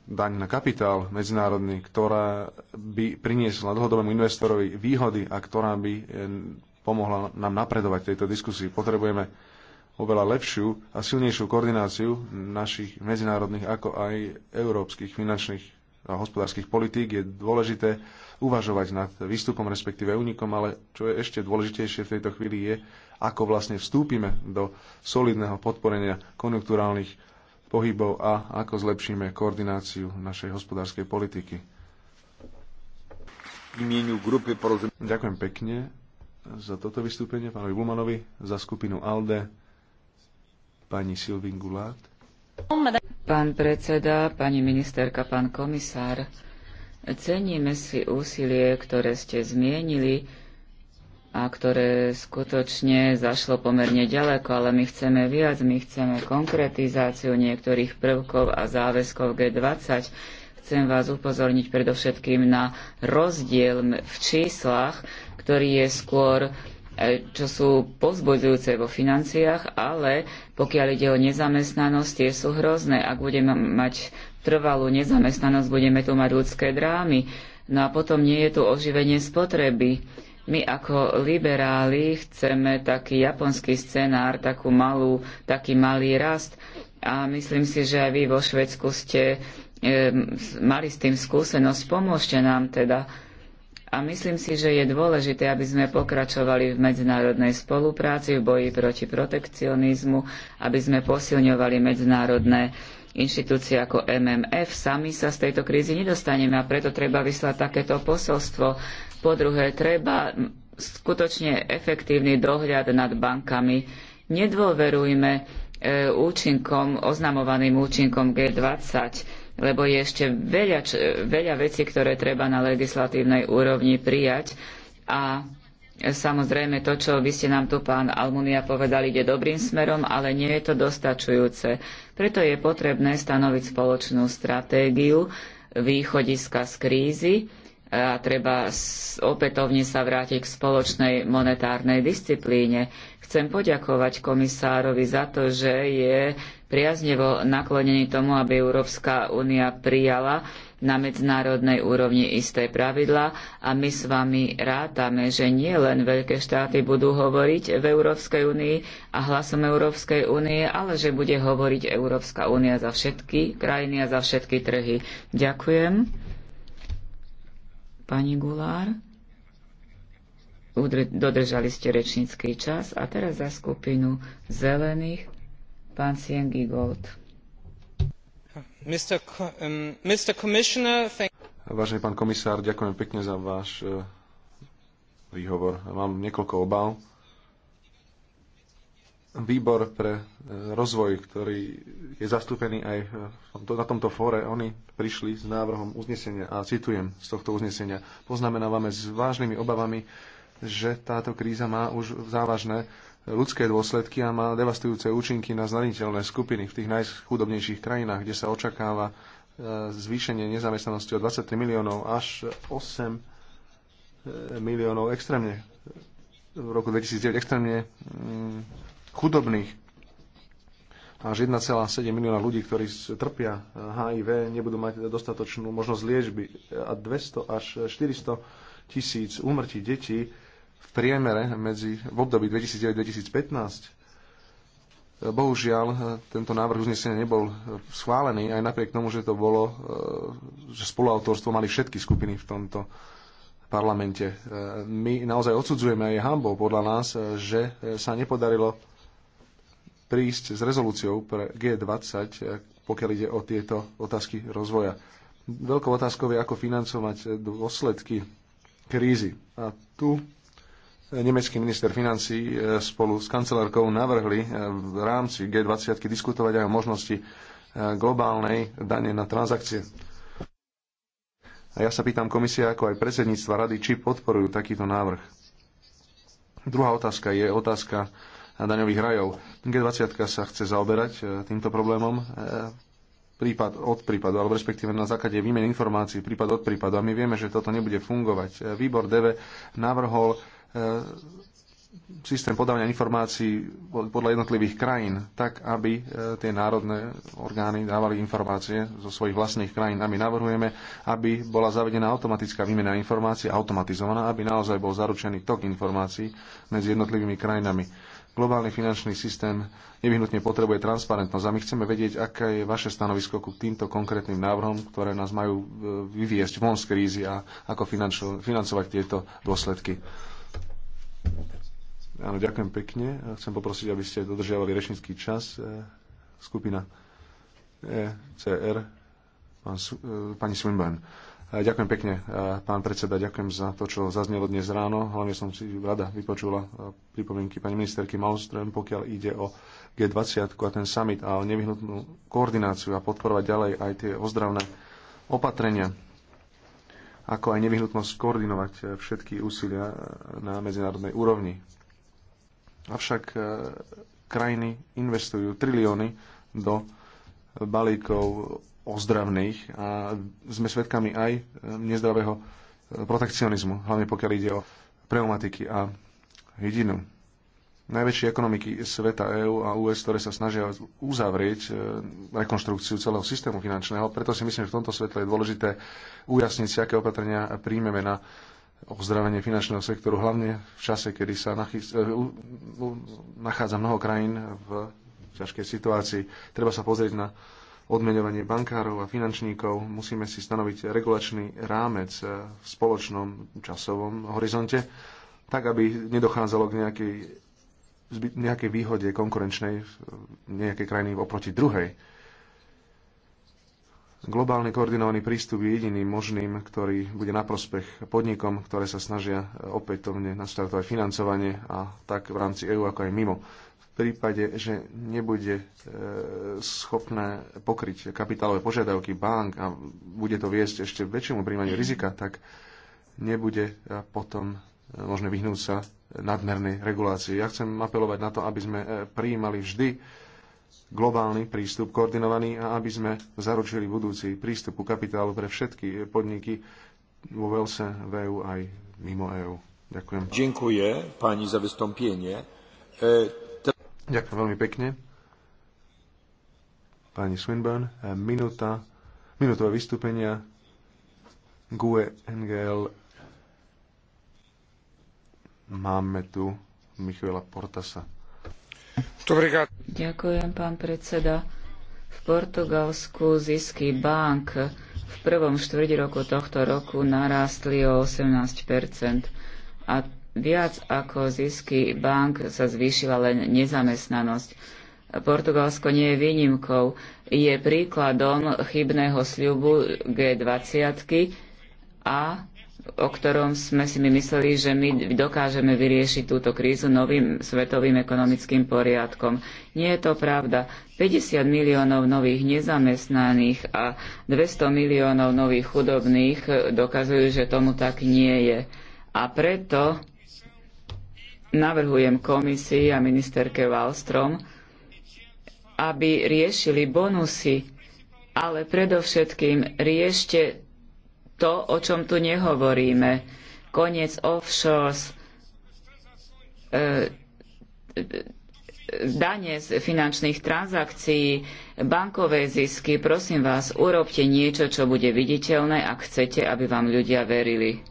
daň na kapitál medzinárodný, ktorá by priniesla dlhodobému investorovi výhody a ktorá by pomohla nám napredovať tejto diskusii. Potrebujeme oveľa lepšiu a silnejšiu koordináciu našich medzinárodných ako aj európskych finančných a hospodárskych politík je dôležité uvažovať nad výstupom, respektíve únikom, ale čo je ešte dôležitejšie v tejto chvíli je, ako vlastne vstúpime do solidného podporenia konjunkturálnych pohybov a ako zlepšíme koordináciu našej hospodárskej politiky. Ďakujem pekne za toto vystúpenie pánovi Bulmanovi, za skupinu ALDE, pani Silvin Gulát. Pán predseda, pani ministerka, pán komisár, ceníme si úsilie, ktoré ste zmienili a ktoré skutočne zašlo pomerne ďaleko, ale my chceme viac, my chceme konkretizáciu niektorých prvkov a záväzkov G20. Chcem vás upozorniť predovšetkým na rozdiel v číslach, ktorý je skôr e, čo sú povzbudzujúce vo financiách, ale pokiaľ ide o nezamestnanosť, tie sú hrozné. Ak budeme mať trvalú nezamestnanosť, budeme tu mať ľudské drámy. No a potom nie je tu oživenie spotreby. My ako liberáli chceme taký japonský scenár, takú malú, taký malý rast a myslím si, že aj vy vo Švedsku ste e, mali s tým skúsenosť. Pomôžte nám teda a myslím si, že je dôležité, aby sme pokračovali v medzinárodnej spolupráci, v boji proti protekcionizmu, aby sme posilňovali medzinárodné inštitúcie ako MMF. Sami sa z tejto krízy nedostaneme a preto treba vyslať takéto posolstvo. Po druhé, treba skutočne efektívny dohľad nad bankami. Nedôverujme e, účinkom, oznamovaným účinkom G20 lebo je ešte veľa, veľa vecí, ktoré treba na legislatívnej úrovni prijať a Samozrejme, to, čo vy ste nám tu, pán Almunia, povedali, ide dobrým smerom, ale nie je to dostačujúce. Preto je potrebné stanoviť spoločnú stratégiu východiska z krízy a treba opätovne sa vrátiť k spoločnej monetárnej disciplíne. Chcem poďakovať komisárovi za to, že je priaznevo naklonení tomu, aby Európska únia prijala na medzinárodnej úrovni isté pravidlá a my s vami rátame, že nie len veľké štáty budú hovoriť v Európskej únii a hlasom Európskej únie, ale že bude hovoriť Európska únia za všetky krajiny a za všetky trhy. Ďakujem. Pani Gulár, dodržali ste rečnícky čas a teraz za skupinu zelených Um, Vážený pán komisár, ďakujem pekne za váš e, výhovor. Mám niekoľko obav. Výbor pre e, rozvoj, ktorý je zastúpený aj e, na tomto fóre, oni prišli s návrhom uznesenia a citujem z tohto uznesenia. Poznamenávame s vážnymi obavami, že táto kríza má už závažné ľudské dôsledky a má devastujúce účinky na zraniteľné skupiny v tých najchudobnejších krajinách, kde sa očakáva e, zvýšenie nezamestnanosti o 23 miliónov až 8 e, miliónov extrémne v roku 2009 extrémne mm, chudobných až 1,7 milióna ľudí, ktorí trpia HIV, nebudú mať dostatočnú možnosť liečby a 200 až 400 tisíc úmrtí detí v priemere medzi, v období 2009-2015. Bohužiaľ, tento návrh uznesenia nebol schválený, aj napriek tomu, že to bolo, e, že spoluautorstvo mali všetky skupiny v tomto parlamente. E, my naozaj odsudzujeme aj hambou podľa nás, e, že sa nepodarilo prísť s rezolúciou pre G20, pokiaľ ide o tieto otázky rozvoja. Veľkou otázkou je, ako financovať dôsledky krízy. A tu nemecký minister financí e, spolu s kancelárkou navrhli e, v rámci G20 diskutovať aj o možnosti e, globálnej dane na transakcie. A ja sa pýtam komisia, ako aj predsedníctva rady, či podporujú takýto návrh. Druhá otázka je otázka daňových rajov. G20 sa chce zaoberať týmto problémom prípad od prípadu, alebo respektíve na základe výmeny informácií prípad od prípadu. A my vieme, že toto nebude fungovať. Výbor DV navrhol E, systém podávania informácií podľa jednotlivých krajín, tak aby e, tie národné orgány dávali informácie zo svojich vlastných krajín. A my navrhujeme, aby bola zavedená automatická výmena informácií, automatizovaná, aby naozaj bol zaručený tok informácií medzi jednotlivými krajinami. Globálny finančný systém nevyhnutne potrebuje transparentnosť a my chceme vedieť, aké je vaše stanovisko ku týmto konkrétnym návrhom, ktoré nás majú e, vyviesť von z krízy a ako financovať tieto dôsledky. Áno, ďakujem pekne. Chcem poprosiť, aby ste dodržiavali rečnícky čas. Eh, skupina ECR, pán, eh, pani Swinburne. Eh, ďakujem pekne, pán predseda, ďakujem za to, čo zaznelo dnes ráno. Hlavne som si rada vypočula pripomienky pani ministerky Malmström, pokiaľ ide o G20 a ten summit a o nevyhnutnú koordináciu a podporovať ďalej aj tie ozdravné opatrenia ako aj nevyhnutnosť koordinovať všetky úsilia na medzinárodnej úrovni. Avšak e, krajiny investujú trilióny do balíkov ozdravných a sme svedkami aj e, nezdravého e, protekcionizmu, hlavne pokiaľ ide o pneumatiky a hydinu. Najväčšie ekonomiky sveta EÚ a US, ktoré sa snažia uzavrieť rekonštrukciu celého systému finančného, preto si myslím, že v tomto svetle je dôležité ujasniť si, aké opatrenia príjmeme na ozdravenie finančného sektoru, hlavne v čase, kedy sa e, nachádza mnoho krajín v ťažkej situácii. Treba sa pozrieť na odmeňovanie bankárov a finančníkov. Musíme si stanoviť regulačný rámec e, v spoločnom časovom horizonte, tak aby nedochádzalo k nejakej, nejakej výhode konkurenčnej nejakej krajiny oproti druhej Globálny koordinovaný prístup je jediným možným, ktorý bude na prospech podnikom, ktoré sa snažia opätovne naštartovať financovanie a tak v rámci EÚ ako aj mimo. V prípade, že nebude e, schopné pokryť kapitálové požiadavky bank a bude to viesť ešte väčšiemu príjmaniu rizika, tak nebude e, potom e, možné vyhnúť sa nadmernej regulácii. Ja chcem apelovať na to, aby sme prijímali vždy globálny prístup, koordinovaný a aby sme zaručili budúci prístup ku kapitálu pre všetky podniky vo Velse, v EU aj mimo EU. Ďakujem. Ďakujem pani za vystąpienie. E, Ďakujem veľmi pekne. Pani Swinburne, e, minúta, minútové vystúpenia GUE NGL. Máme tu Michaela Portasa. Ďakujem, pán predseda. V Portugalsku zisky bank v prvom štvrti roku tohto roku narástli o 18 a viac ako zisky bank sa zvýšila len nezamestnanosť. Portugalsko nie je výnimkou, je príkladom chybného sľubu G20 a o ktorom sme si my mysleli, že my dokážeme vyriešiť túto krízu novým svetovým ekonomickým poriadkom. Nie je to pravda. 50 miliónov nových nezamestnaných a 200 miliónov nových chudobných dokazujú, že tomu tak nie je. A preto navrhujem komisii a ministerke Wallstrom, aby riešili bonusy, ale predovšetkým riešte to, o čom tu nehovoríme. Koniec offshores, e, e, dane z finančných transakcií, bankové zisky, prosím vás, urobte niečo, čo bude viditeľné, ak chcete, aby vám ľudia verili.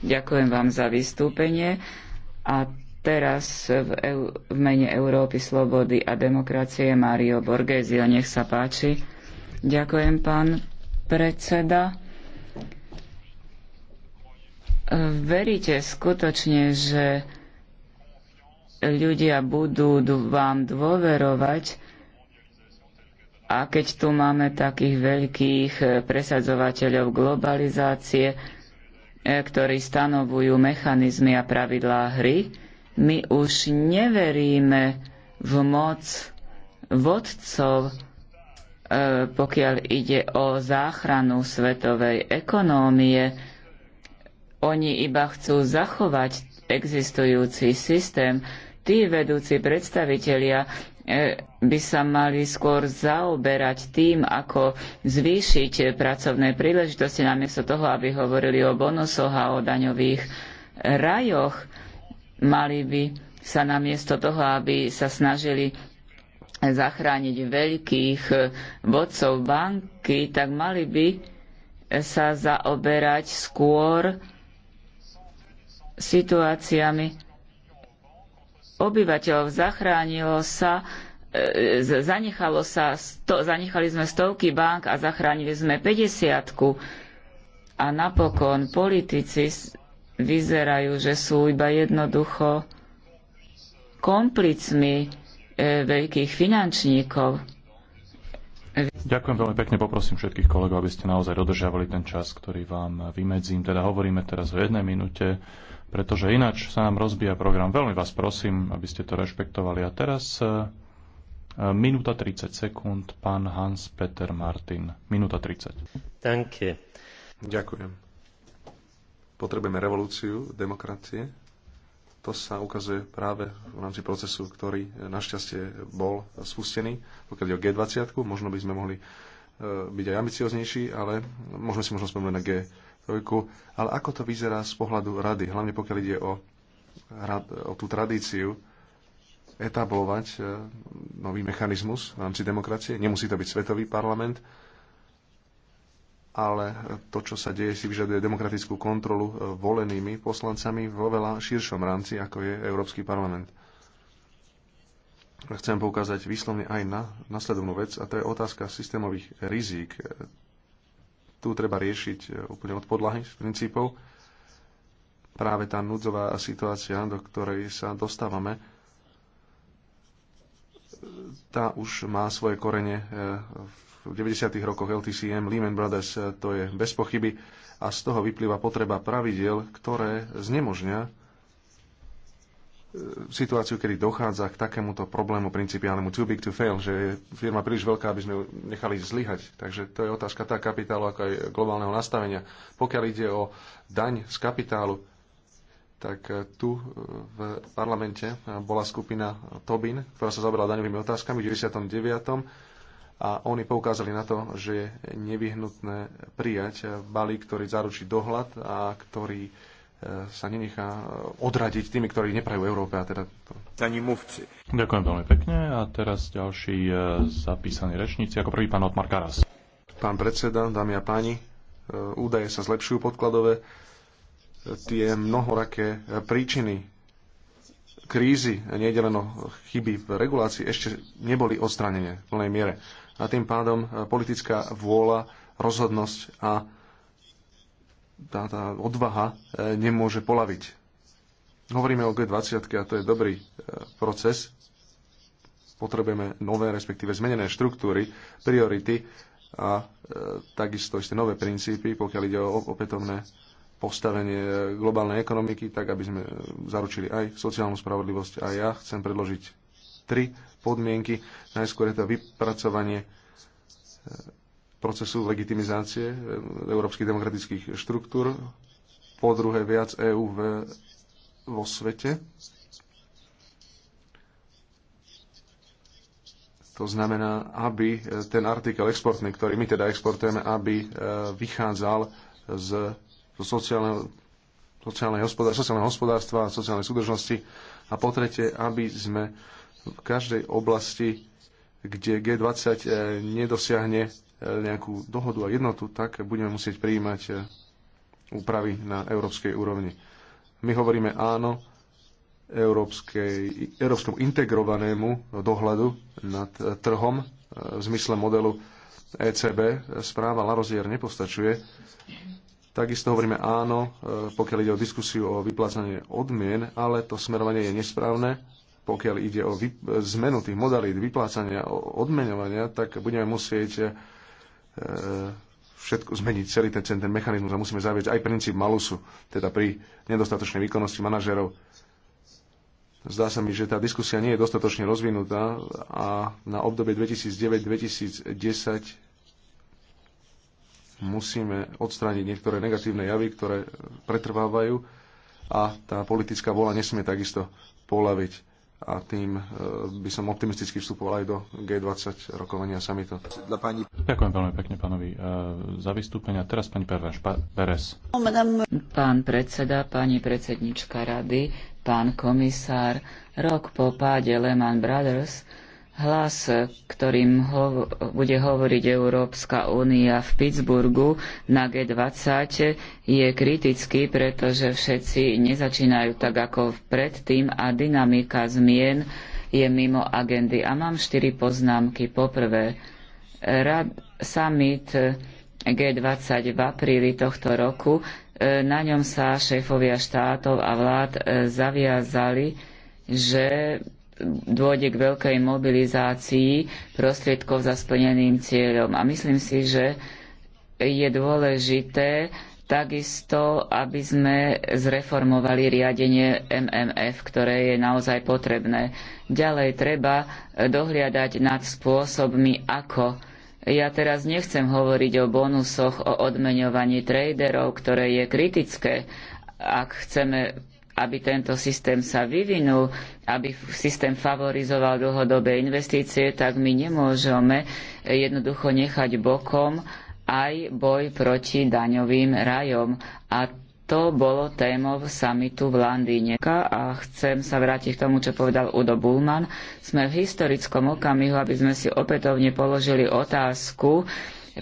Ďakujem vám za vystúpenie. A teraz v, EU, v mene Európy slobody a demokracie Mario Borgesio, nech sa páči. Ďakujem, pán predseda. Veríte skutočne, že ľudia budú vám dôverovať a keď tu máme takých veľkých eh, presadzovateľov globalizácie, eh, ktorí stanovujú mechanizmy a pravidlá hry, my už neveríme v moc vodcov, eh, pokiaľ ide o záchranu svetovej ekonómie, oni iba chcú zachovať existujúci systém. Tí vedúci predstavitelia e, by sa mali skôr zaoberať tým, ako zvýšiť pracovné príležitosti, namiesto toho, aby hovorili o bonusoch a o daňových rajoch. Mali by sa namiesto toho, aby sa snažili zachrániť veľkých e, vodcov banky, tak mali by sa zaoberať skôr situáciami. Obyvateľov zachránilo sa, e, zanechalo sa, sto, zanechali sme stovky bank a zachránili sme 50. A napokon politici vyzerajú, že sú iba jednoducho komplicmi e, veľkých finančníkov. Ďakujem veľmi pekne, poprosím všetkých kolegov, aby ste naozaj dodržiavali ten čas, ktorý vám vymedzím. Teda hovoríme teraz o jednej minúte pretože ináč sa nám rozbíja program. Veľmi vás prosím, aby ste to rešpektovali. A teraz e, e, minúta 30 sekúnd, pán Hans-Peter Martin. Minúta 30. Danke. Ďakujem. Potrebujeme revolúciu demokracie. To sa ukazuje práve v rámci procesu, ktorý e, našťastie bol spustený, pokiaľ ide o G20. Možno by sme mohli byť aj ambicioznejší, ale môžeme si možno spomenúť na G20 ale ako to vyzerá z pohľadu rady, hlavne pokiaľ ide o, o tú tradíciu etablovať e, nový mechanizmus v rámci demokracie. Nemusí to byť svetový parlament, ale to, čo sa deje, si vyžaduje demokratickú kontrolu e, volenými poslancami vo veľa širšom rámci, ako je Európsky parlament. Chcem poukázať výslovne aj na nasledovnú vec, a to je otázka systémových rizík tu treba riešiť e, úplne od podlahy z princípov. Práve tá núdzová situácia, do ktorej sa dostávame, tá už má svoje korene e, v 90. rokoch LTCM, Lehman Brothers, e, to je bez pochyby a z toho vyplýva potreba pravidel, ktoré znemožňa situáciu, kedy dochádza k takémuto problému principiálnemu too big to fail, že je firma príliš veľká, aby sme ju nechali zlyhať. Takže to je otázka tak kapitálu, ako aj globálneho nastavenia. Pokiaľ ide o daň z kapitálu, tak eh, tu eh, v parlamente eh, bola skupina Tobin, ktorá sa zabrala daňovými otázkami v 99. A oni poukázali na to, že je nevyhnutné prijať balík, ktorý zaručí dohľad a ktorý E, sa nenechá e, odradiť tými, ktorí neprajú Európe. A teda to... Ani mluvci. Ďakujem veľmi pekne. A teraz ďalší e, zapísaní rečníci. Ako prvý pán Otmar Karas. Pán predseda, dámy a páni, údaje sa zlepšujú podkladové. Tie mnohoraké príčiny krízy, nejde len o chyby v regulácii, ešte neboli odstranené v plnej miere. A tým pádom politická vôľa, rozhodnosť a tá, tá odvaha e, nemôže polaviť. Hovoríme o G20 a to je dobrý e, proces. Potrebujeme nové, respektíve zmenené štruktúry, priority a e, takisto ešte nové princípy, pokiaľ ide o opätovné postavenie e, globálnej ekonomiky, tak aby sme zaručili aj sociálnu spravodlivosť. A ja chcem predložiť tri podmienky. Najskôr je to vypracovanie procesu legitimizácie eh, európskych demokratických štruktúr, po druhé viac EÚ v, vo svete. To znamená, aby eh, ten artikel exportný, ktorý my teda exportujeme, aby eh, vychádzal z, z sociálneho, sociálneho, hospodárstva, sociálneho hospodárstva a sociálnej súdržnosti. A po tretie, aby sme v každej oblasti, kde G20 nedosiahne nejakú dohodu a jednotu, tak budeme musieť prijímať eh, úpravy na európskej úrovni. My hovoríme áno európskej, európskom integrovanému dohľadu nad eh, trhom eh, v zmysle modelu ECB. Správa Larozier nepostačuje. Takisto hovoríme áno, pokiaľ ide o diskusiu o vyplácanie odmien, ale to smerovanie je nesprávne pokiaľ ide o zmenu tých modalít vyplácania, odmenovania, tak budeme musieť E, všetko zmeniť, celý ten, ten mechanizmus a musíme zaviesť aj princíp malusu, teda pri nedostatočnej výkonnosti manažerov. Zdá sa mi, že tá diskusia nie je dostatočne rozvinutá a na obdobie 2009-2010 musíme odstrániť niektoré negatívne javy, ktoré pretrvávajú a tá politická vola nesmie takisto polaviť a tým e, by som optimisticky vstupoval aj do G20 rokovania samitu. Pani... Ďakujem veľmi pekne pánovi e, za vystúpenia. Teraz pani Perveš, Peres. Pán predseda, pani predsednička rady, pán komisár, rok po páde Lehman Brothers hlas, ktorým ho, bude hovoriť Európska únia v Pittsburghu na G20, je kritický, pretože všetci nezačínajú tak ako predtým a dynamika zmien je mimo agendy. A mám štyri poznámky. Poprvé, rad, summit G20 v apríli tohto roku. E, na ňom sa šéfovia štátov a vlád e, zaviazali, že dôjde k veľkej mobilizácii prostriedkov za splneným cieľom. A myslím si, že je dôležité takisto, aby sme zreformovali riadenie MMF, ktoré je naozaj potrebné. Ďalej treba dohliadať nad spôsobmi, ako ja teraz nechcem hovoriť o bonusoch, o odmeňovaní traderov, ktoré je kritické, ak chceme aby tento systém sa vyvinul, aby systém favorizoval dlhodobé investície, tak my nemôžeme jednoducho nechať bokom aj boj proti daňovým rajom. A to bolo témou samitu v Londýne. A chcem sa vrátiť k tomu, čo povedal Udo Bullman. Sme v historickom okamihu, aby sme si opätovne položili otázku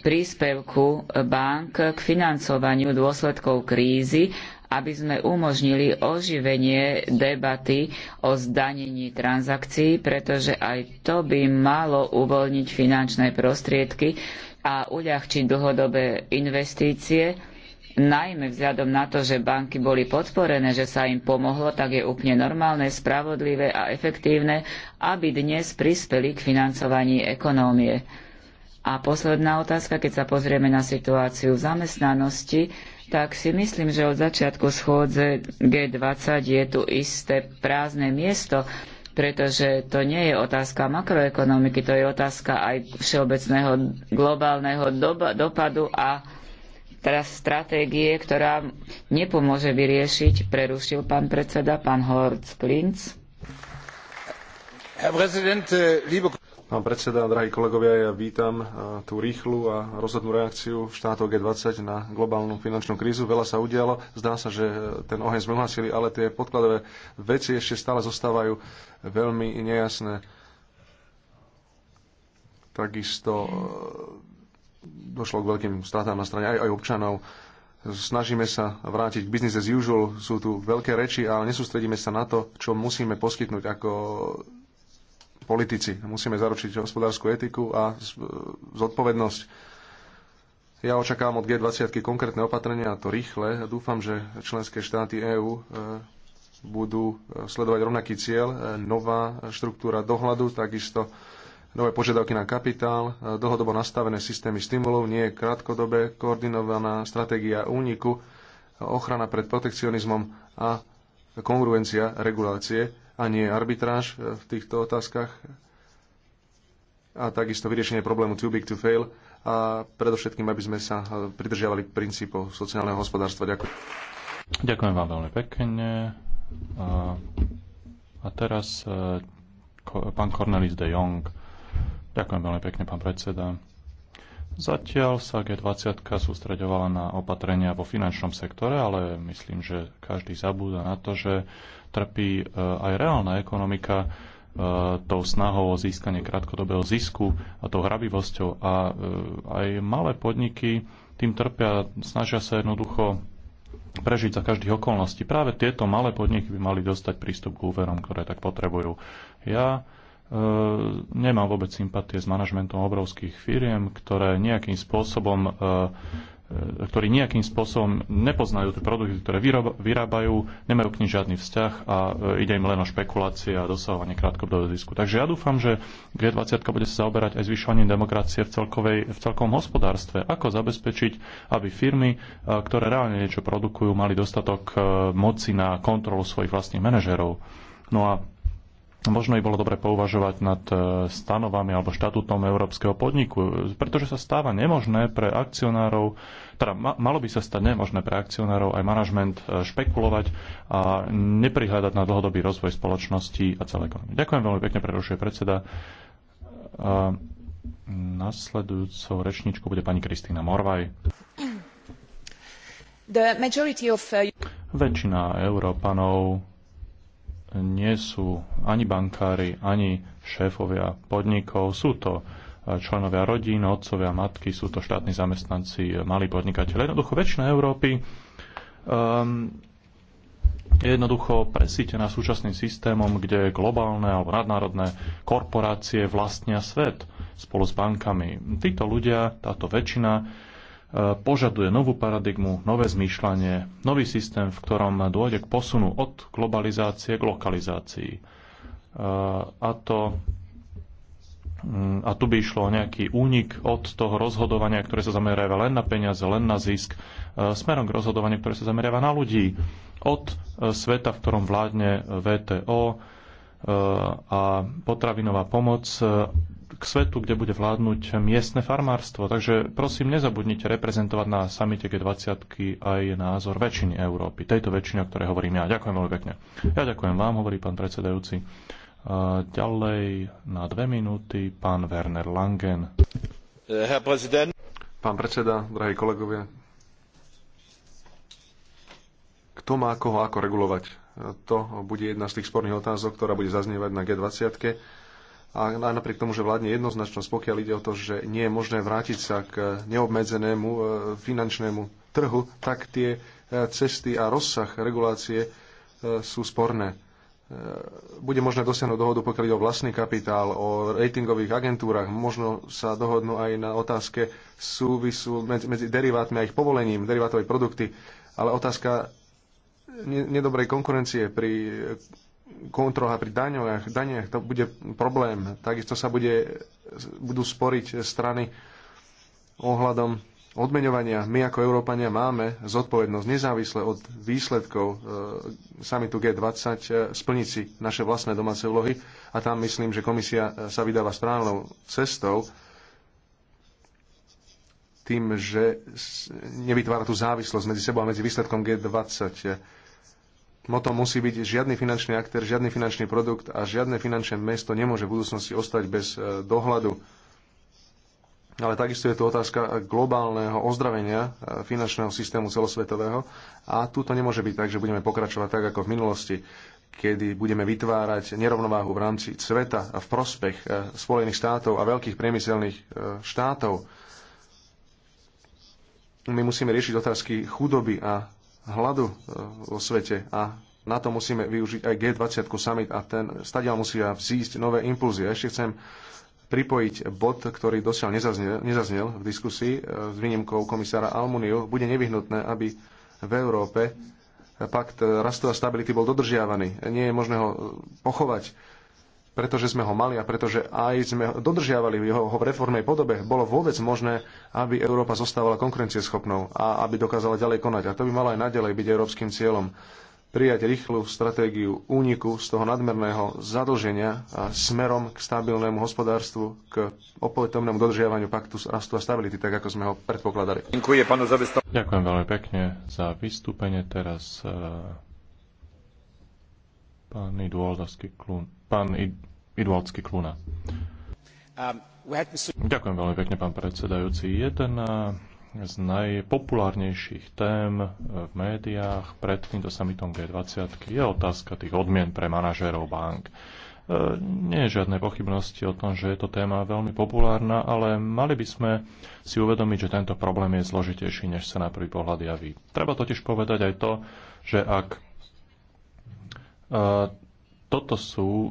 príspevku bank k financovaniu dôsledkov krízy aby sme umožnili oživenie debaty o zdanení transakcií, pretože aj to by malo uvoľniť finančné prostriedky a uľahčiť dlhodobé investície, najmä vzhľadom na to, že banky boli podporené, že sa im pomohlo, tak je úplne normálne, spravodlivé a efektívne, aby dnes prispeli k financovaní ekonómie. A posledná otázka, keď sa pozrieme na situáciu v zamestnanosti, tak si myslím, že od začiatku schôdze G20 je tu isté prázdne miesto, pretože to nie je otázka makroekonomiky, to je otázka aj všeobecného globálneho doba, dopadu a teraz stratégie, ktorá nepomôže vyriešiť, prerušil pán predseda, pán Horc Klinc. Herr Präsident, liebe Pán predseda, drahí kolegovia, ja vítam tú rýchlu a rozhodnú reakciu štátov G20 na globálnu finančnú krízu. Veľa sa udialo, zdá sa, že e, ten oheň sme uhasili, ale tie podkladové veci ešte stále zostávajú veľmi nejasné. Takisto e, došlo k veľkým stratám na strane aj, aj občanov. Snažíme sa vrátiť k business as usual, sú tu veľké reči, ale nesústredíme sa na to, čo musíme poskytnúť ako politici. Musíme zaručiť hospodárskú etiku a zodpovednosť. Ja očakávam od G20 konkrétne opatrenia, a to rýchle. Dúfam, že členské štáty EÚ e, budú e, sledovať rovnaký cieľ. E, nová štruktúra dohľadu, takisto nové požiadavky na kapitál, dlhodobo nastavené systémy stimulov, nie krátkodobé, koordinovaná stratégia úniku, ochrana pred protekcionizmom a kongruencia regulácie a nie arbitráž e, v týchto otázkach a takisto vyriešenie problému too big to fail a predovšetkým, aby sme sa e, pridržiavali princípov sociálneho hospodárstva. Ďakujem. Ďakujem vám veľmi pekne. A teraz e, pán Cornelis de Jong. Ďakujem veľmi pekne, pán predseda. Zatiaľ sa G20 sústreďovala na opatrenia vo finančnom sektore, ale myslím, že každý zabúda na to, že trpí e, aj reálna ekonomika e, tou snahou o získanie krátkodobého zisku a tou hrabivosťou. A e, aj malé podniky tým trpia, snažia sa jednoducho prežiť za každých okolností. Práve tieto malé podniky by mali dostať prístup k úverom, ktoré tak potrebujú. Ja e, nemám vôbec sympatie s manažmentom obrovských firiem, ktoré nejakým spôsobom e, E, ktorí nejakým spôsobom nepoznajú tie produkty, ktoré vyrábajú, nemajú k nim žiadny vzťah a e, ide im len o špekulácie a dosahovanie krátkodobého zisku. Takže ja dúfam, že G20 bude sa zaoberať aj zvyšovaním demokracie v, celkovej, v celkom hospodárstve. Ako zabezpečiť, aby firmy, e, ktoré reálne niečo produkujú, mali dostatok moci na kontrolu svojich vlastných manažerov. No a možno by bolo dobre pouvažovať nad e, stanovami alebo štatútom európskeho podniku, pretože sa stáva nemožné pre akcionárov, teda ma, malo by sa stať nemožné pre akcionárov aj manažment e, špekulovať a neprihľadať na dlhodobý rozvoj spoločnosti a celé ekonomie. Ďakujem veľmi pekne, prerušuje predseda. A e, nasledujúcou rečničkou bude pani Kristýna Morvaj. The of... Uh, Väčšina Európanov nie sú ani bankári, ani šéfovia podnikov. Sú to e, členovia rodín, otcovia, matky, sú to štátni zamestnanci, e, malí podnikateľe. Jednoducho väčšina Európy um, je jednoducho presítená súčasným systémom, kde globálne alebo nadnárodné korporácie vlastnia svet spolu s bankami. Títo ľudia, táto väčšina požaduje novú paradigmu, nové zmýšľanie, nový systém, v ktorom dôjde k posunu od globalizácie k lokalizácii. E, a to mm, a tu by išlo o nejaký únik od toho rozhodovania, ktoré sa zameriava len na peniaze, len na zisk, e, smerom k rozhodovaniu, ktoré sa zameriava na ľudí. Od e, sveta, v ktorom vládne VTO a potravinová pomoc k svetu, kde bude vládnuť miestne farmárstvo. Takže prosím, nezabudnite reprezentovať na samite G20 aj názor väčšiny Európy. Tejto väčšiny, o ktorej hovorím ja. Ďakujem veľmi pekne. Ja ďakujem vám, hovorí pán predsedajúci. Ďalej na dve minúty pán Werner Langen. Pán predseda, drahí kolegovia, kto má koho ako regulovať? To bude jedna z tých sporných otázok, ktorá bude zaznievať na G20 a aj napriek tomu, že vládne jednoznačnosť, pokiaľ ide o to, že nie je možné vrátiť sa k eh, neobmedzenému eh, finančnému trhu, tak tie eh, cesty a rozsah regulácie sú sporné. Bude možné dosiahnuť dohodu, pokiaľ ide o vlastný kapitál, o ratingových agentúrach, možno sa dohodnú aj na otázke súvisu medzi, medzi derivátmi a ich povolením, derivátové produkty, ale otázka nedobrej konkurencie pri kontrola pri daňoch, daniach, to bude problém. Takisto sa bude, budú sporiť strany ohľadom odmeňovania. My ako Európania máme zodpovednosť nezávisle od výsledkov e, samitu G20 e, splniť si naše vlastné domáce úlohy a tam myslím, že komisia e, sa vydáva správnou cestou tým, že nevytvára tú závislosť medzi sebou a medzi výsledkom G20. Motom musí byť žiadny finančný aktér, žiadny finančný produkt a žiadne finančné mesto nemôže v budúcnosti ostať bez e, dohľadu. Ale takisto je tu otázka globálneho ozdravenia e, finančného systému celosvetového a tu to nemôže byť tak, že budeme pokračovať tak ako v minulosti, kedy budeme vytvárať nerovnováhu v rámci sveta a v prospech e, Spojených štátov a veľkých priemyselných štátov. My musíme riešiť otázky chudoby a hladu e, vo svete a na to musíme využiť aj G20 summit a ten stadia musia vzísť nové impulzy. A ešte chcem pripojiť bod, ktorý dosiaľ nezaznel, nezaznel v diskusii e, s výnimkou komisára Almuniu. Bude nevyhnutné, aby v Európe pakt rastu a stability bol dodržiavaný. Nie je možné ho e, pochovať pretože sme ho mali a pretože aj sme dodržiavali jeho, ho v reformnej podobe, bolo vôbec možné, aby Európa zostávala konkurencieschopnou a aby dokázala ďalej konať. A to by malo aj naďalej byť európskym cieľom. Prijať rýchlu stratégiu úniku z toho nadmerného zadlženia a smerom k stabilnému hospodárstvu, k opätovnému dodržiavaniu paktu rastu a stability, tak ako sme ho predpokladali. Ďakujem veľmi pekne za vystúpenie. Teraz eh, pán Idualdovský klun. Pán Id- Idvaldsky Kluna. Um, Ďakujem veľmi pekne, pán predsedajúci. Jeden uh, z najpopulárnejších tém uh, v médiách pred týmto samitom G20 je otázka tých odmien pre manažérov bank. Uh, nie je žiadne pochybnosti o tom, že je to téma veľmi populárna, ale mali by sme si uvedomiť, že tento problém je zložitejší, než sa na prvý pohľad javí. Treba totiž povedať aj to, že ak toto sú e,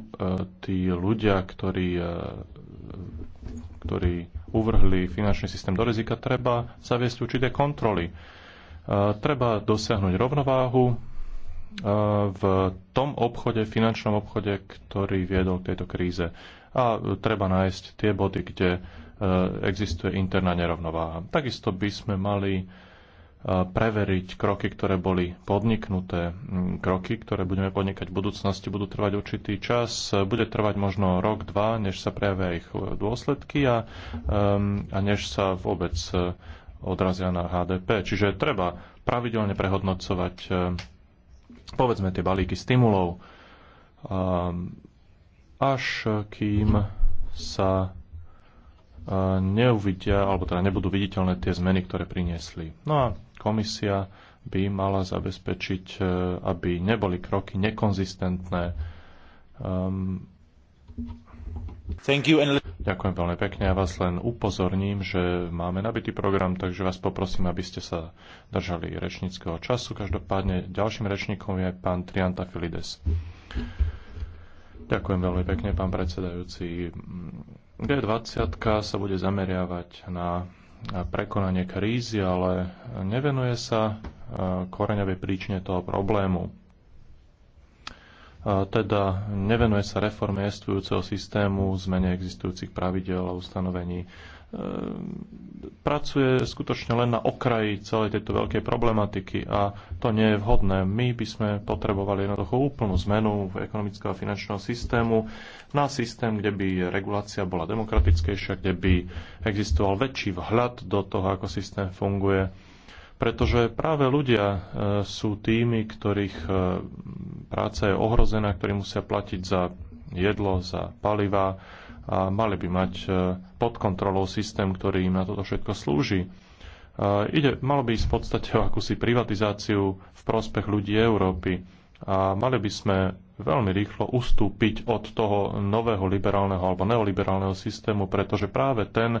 tí ľudia, ktorí, e, ktorí uvrhli finančný systém do rizika, treba zaviesť určité kontroly. E, treba dosiahnuť rovnováhu v tom obchode, finančnom obchode, ktorý viedol k tejto kríze. A treba nájsť tie body, kde existuje interná nerovnováha. Takisto by sme mali preveriť kroky, ktoré boli podniknuté. Mm, kroky, ktoré budeme podnikať v budúcnosti, budú trvať určitý čas. Bude trvať možno rok, dva, než sa prejavia ich e, dôsledky a, a než sa vôbec e, odrazia na HDP. Čiže treba pravidelne prehodnocovať e, povedzme tie balíky stimulov, až kým sa neuvidia, alebo teda nebudú viditeľné tie zmeny, ktoré priniesli. No a Komisia by mala zabezpečiť, e, aby neboli kroky nekonzistentné. Um, Thank you and... Ďakujem veľmi pekne. Ja vás len upozorním, že máme nabitý program, takže vás poprosím, aby ste sa držali rečníckého času. Každopádne ďalším rečníkom je pán Trianta Filides. Ďakujem veľmi pekne, pán predsedajúci. G20 sa bude zameriavať na prekonanie krízy, ale nevenuje sa e, koreňovej príčine toho problému. E, teda nevenuje sa reforme existujúceho systému, zmene existujúcich pravidel a ustanovení. Ehm, pracuje skutočne len na okraji celej tejto veľkej problematiky a to nie je vhodné. My by sme potrebovali jednoducho úplnú zmenu v ekonomického a finančného systému na systém, kde by regulácia bola demokratickejšia, kde by existoval väčší vhľad do toho, ako systém funguje. Pretože práve ľudia e, sú tými, ktorých e, práca je ohrozená, ktorí musia platiť za jedlo, za paliva, a mali by mať e, pod kontrolou systém, ktorý im na toto všetko slúži. E, ide, malo by ísť v podstate o akúsi privatizáciu v prospech ľudí Európy a mali by sme veľmi rýchlo ustúpiť od toho nového liberálneho alebo neoliberálneho systému, pretože práve ten e,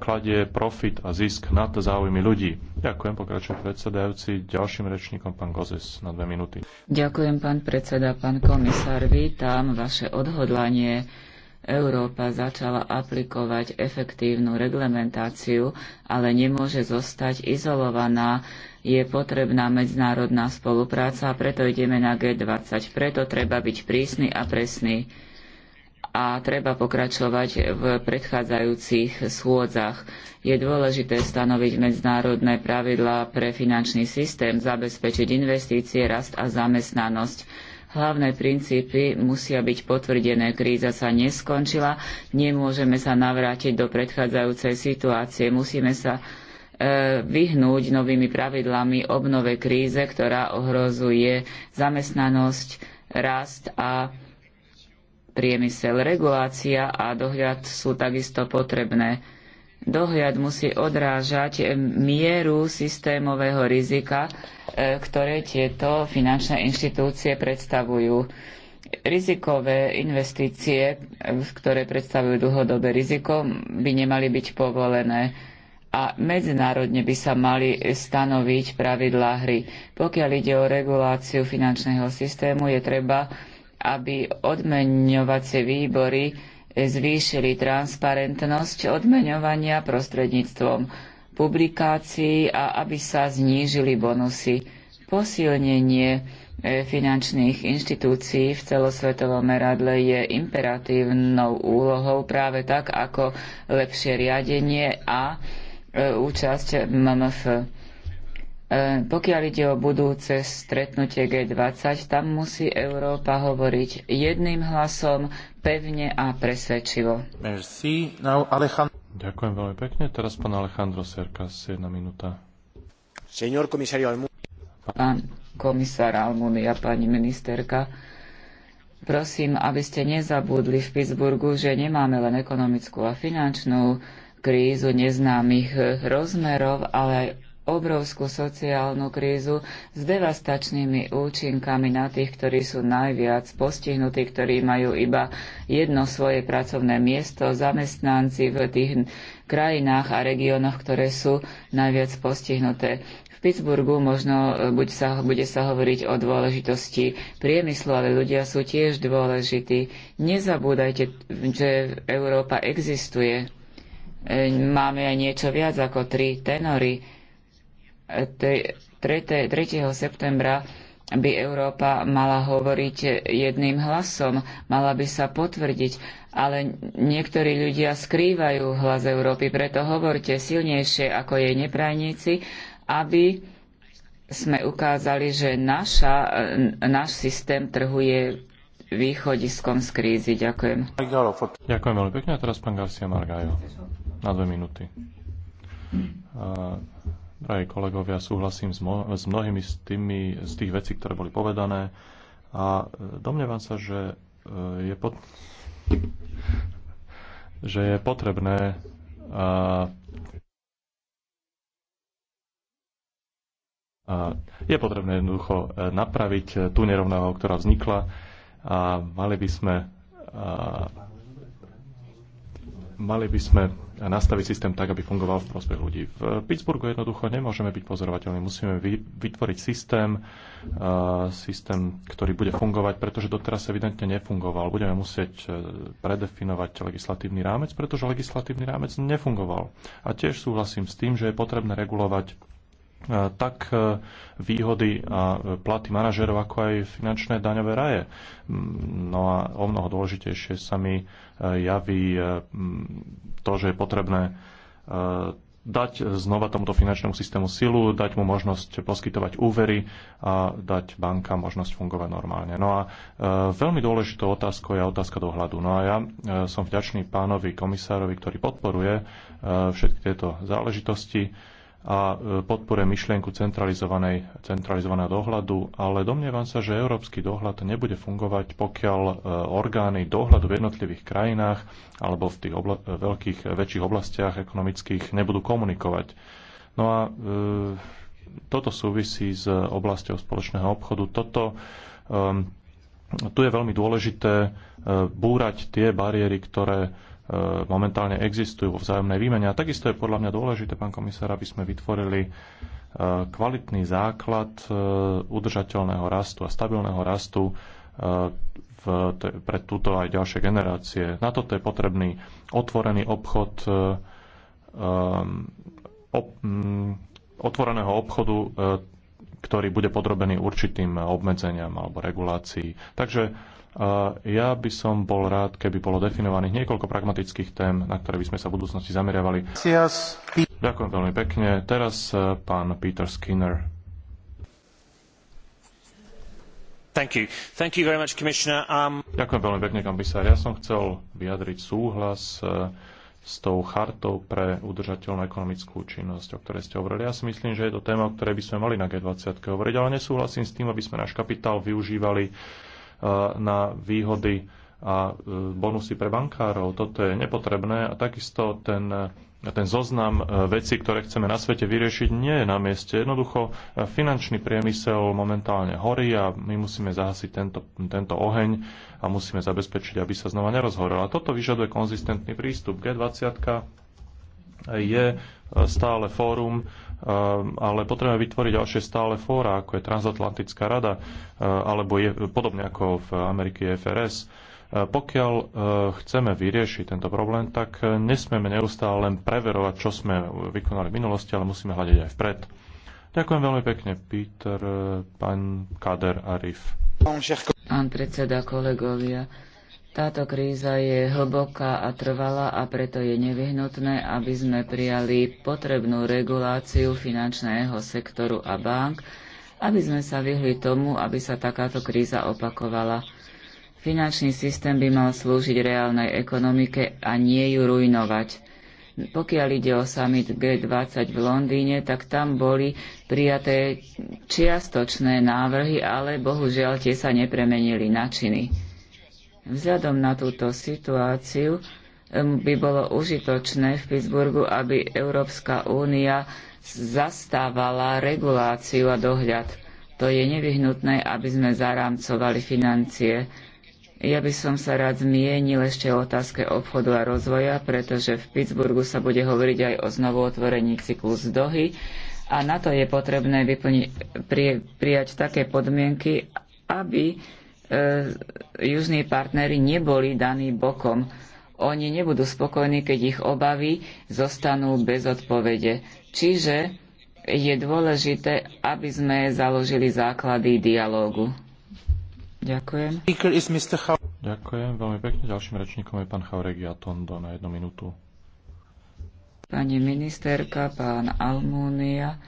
kladie profit a zisk nad záujmy ľudí. Ďakujem, pokračujem predsedajúci. Ďalším rečníkom pán Gozes na dve minúty. Ďakujem, pán predseda, pán komisár. Vítam vaše odhodlanie Európa začala aplikovať efektívnu reglementáciu, ale nemôže zostať izolovaná. Je potrebná medzinárodná spolupráca preto ideme na G20. Preto treba byť prísny a presný a treba pokračovať v predchádzajúcich schôdzach. Je dôležité stanoviť medzinárodné pravidlá pre finančný systém, zabezpečiť investície, rast a zamestnanosť Hlavné princípy musia byť potvrdené. Kríza sa neskončila, nemôžeme sa navrátiť do predchádzajúcej situácie. Musíme sa e, vyhnúť novými pravidlami obnove kríze, ktorá ohrozuje zamestnanosť, rast a priemysel. Regulácia a dohľad sú takisto potrebné. Dohľad musí odrážať mieru systémového rizika, E, ktoré tieto finančné inštitúcie predstavujú. Rizikové investície, ktoré predstavujú dlhodobé riziko, by nemali byť povolené a medzinárodne by sa mali stanoviť pravidlá hry. Pokiaľ ide o reguláciu finančného systému, je treba, aby odmeňovacie výbory zvýšili transparentnosť odmeňovania prostredníctvom publikácií a aby sa znížili bonusy. Posilnenie e, finančných inštitúcií v celosvetovom meradle je imperatívnou úlohou práve tak ako lepšie riadenie a e, účasť MMF. E, pokiaľ ide o budúce stretnutie G20, tam musí Európa hovoriť jedným hlasom, pevne a presvedčivo. Merci. Now Alejandro. Ďakujem veľmi pekne. Teraz pán Alejandro Serkas, jedna minúta. Pán komisár a pani ministerka, prosím, aby ste nezabudli v Pittsburghu, že nemáme len ekonomickú a finančnú krízu neznámych rozmerov, ale aj obrovskú sociálnu krízu s devastačnými účinkami na tých, ktorí sú najviac postihnutí, ktorí majú iba jedno svoje pracovné miesto, zamestnanci v tých krajinách a regiónoch, ktoré sú najviac postihnuté. V Pittsburghu možno e, buď sa, bude sa hovoriť o dôležitosti priemyslu, ale ľudia sú tiež dôležití. Nezabúdajte, že Európa existuje. E, máme aj niečo viac ako tri tenory 3. septembra by Európa mala hovoriť jedným hlasom, mala by sa potvrdiť, ale niektorí ľudia skrývajú hlas Európy, preto hovorte silnejšie ako jej neprajníci, aby sme ukázali, že naša, náš systém trhu je východiskom z krízy. Ďakujem. Ďakujem veľmi pekne. A teraz pán Garcia Margajo na dve minúty. Drahí kolegovia, súhlasím s, mo- s mnohými z, tými, z tých vecí, ktoré boli povedané a e, domnievam sa, že e, je, pot- že je potrebné a, e, a je potrebné jednoducho napraviť tú nerovnováhu, ktorá vznikla a mali by sme a, mali by sme nastaviť systém tak, aby fungoval v prospech ľudí. V Pittsburghu jednoducho nemôžeme byť pozorovateľní. Musíme vytvoriť systém, e, systém, ktorý bude fungovať, pretože doteraz evidentne nefungoval. Budeme musieť e, predefinovať legislatívny rámec, pretože legislatívny rámec nefungoval. A tiež súhlasím s tým, že je potrebné regulovať E, tak e, výhody a e, platy manažerov, ako aj finančné daňové raje. No a o mnoho dôležitejšie sa mi javí to, že je potrebné dať znova tomuto finančnému systému silu, dať mu možnosť poskytovať úvery a dať banka možnosť fungovať normálne. No a e, veľmi dôležitou otázkou je otázka dohľadu. No a ja e, som vďačný pánovi komisárovi, ktorý podporuje e, všetky tieto záležitosti. E, a e, podpore myšlienku centralizovaného dohľadu, ale domnievam sa, že európsky dohľad nebude fungovať, pokiaľ e, orgány dohľadu v jednotlivých krajinách alebo v tých obla- e, veľkých, väčších oblastiach ekonomických nebudú komunikovať. No a e, toto súvisí s oblasťou spoločného obchodu. Toto, e, tu je veľmi dôležité e, búrať tie bariéry, ktoré E, momentálne existujú vo vzájomnej výmene. A takisto je podľa mňa dôležité, pán komisár, aby sme vytvorili e, kvalitný základ e, udržateľného rastu a stabilného rastu v, pre túto aj ďalšie generácie. Na toto je potrebný otvorený obchod ob, otvoreného obchodu, ktorý bude podrobený určitým obmedzeniam alebo regulácií. Takže ja by som bol rád, keby bolo definovaných niekoľko pragmatických tém, na ktoré by sme sa v budúcnosti zameriavali. Ďakujem veľmi pekne. Teraz e, pán Peter Skinner. Thank you. Thank you much, um... Ďakujem veľmi pekne, komisár. Ja som chcel vyjadriť súhlas e, s tou chartou pre udržateľnú ekonomickú činnosť, o ktorej ste hovorili. Ja si myslím, že je to téma, o ktorej by sme mali na G20 hovoriť, ale nesúhlasím s tým, aby sme náš kapitál využívali na výhody a e, bonusy pre bankárov. Toto je nepotrebné a takisto ten, ten zoznam e, vecí, ktoré chceme na svete vyriešiť, nie je na mieste. Jednoducho e, finančný priemysel momentálne horí a my musíme zahasiť tento, tento oheň a musíme zabezpečiť, aby sa znova nerozhorel. A toto vyžaduje konzistentný prístup. G20 je stále fórum, Ehm, ale potrebujeme vytvoriť ďalšie stále fóra, ako je Transatlantická rada, ehm, alebo je, podobne ako v Amerike FRS. Ehm, pokiaľ chceme vyriešiť tento problém, tak nesmieme neustále len preverovať, čo sme vykonali v minulosti, ale musíme hľadiť aj vpred. Ďakujem veľmi pekne, Peter, pán Kader Riff. Pán predseda, kolegovia, táto kríza je hlboká a trvalá a preto je nevyhnutné, aby sme prijali potrebnú reguláciu finančného sektoru a bank, aby sme sa vyhli tomu, aby sa takáto kríza opakovala. Finančný systém by mal slúžiť reálnej ekonomike a nie ju rujnovať. Pokiaľ ide o summit G20 v Londýne, tak tam boli prijaté čiastočné návrhy, ale bohužiaľ tie sa nepremenili na činy. Vzhľadom na túto situáciu by bolo užitočné v Pittsburghu, aby Európska únia zastávala reguláciu a dohľad. To je nevyhnutné, aby sme zarámcovali financie. Ja by som sa rád zmienil ešte o otázke obchodu a rozvoja, pretože v Pittsburghu sa bude hovoriť aj o znovu otvorení cyklu z Dohy a na to je potrebné vyplni- pri- prijať také podmienky, aby E, južní partnery neboli daní bokom. Oni nebudú spokojní, keď ich obavy zostanú bez odpovede. Čiže je dôležité, aby sme založili základy dialógu. Ďakujem. Ďakujem veľmi pekne. Ďalším rečníkom je pán Chauregia Tondo na jednu minútu. Pani ministerka, pán Almúnia,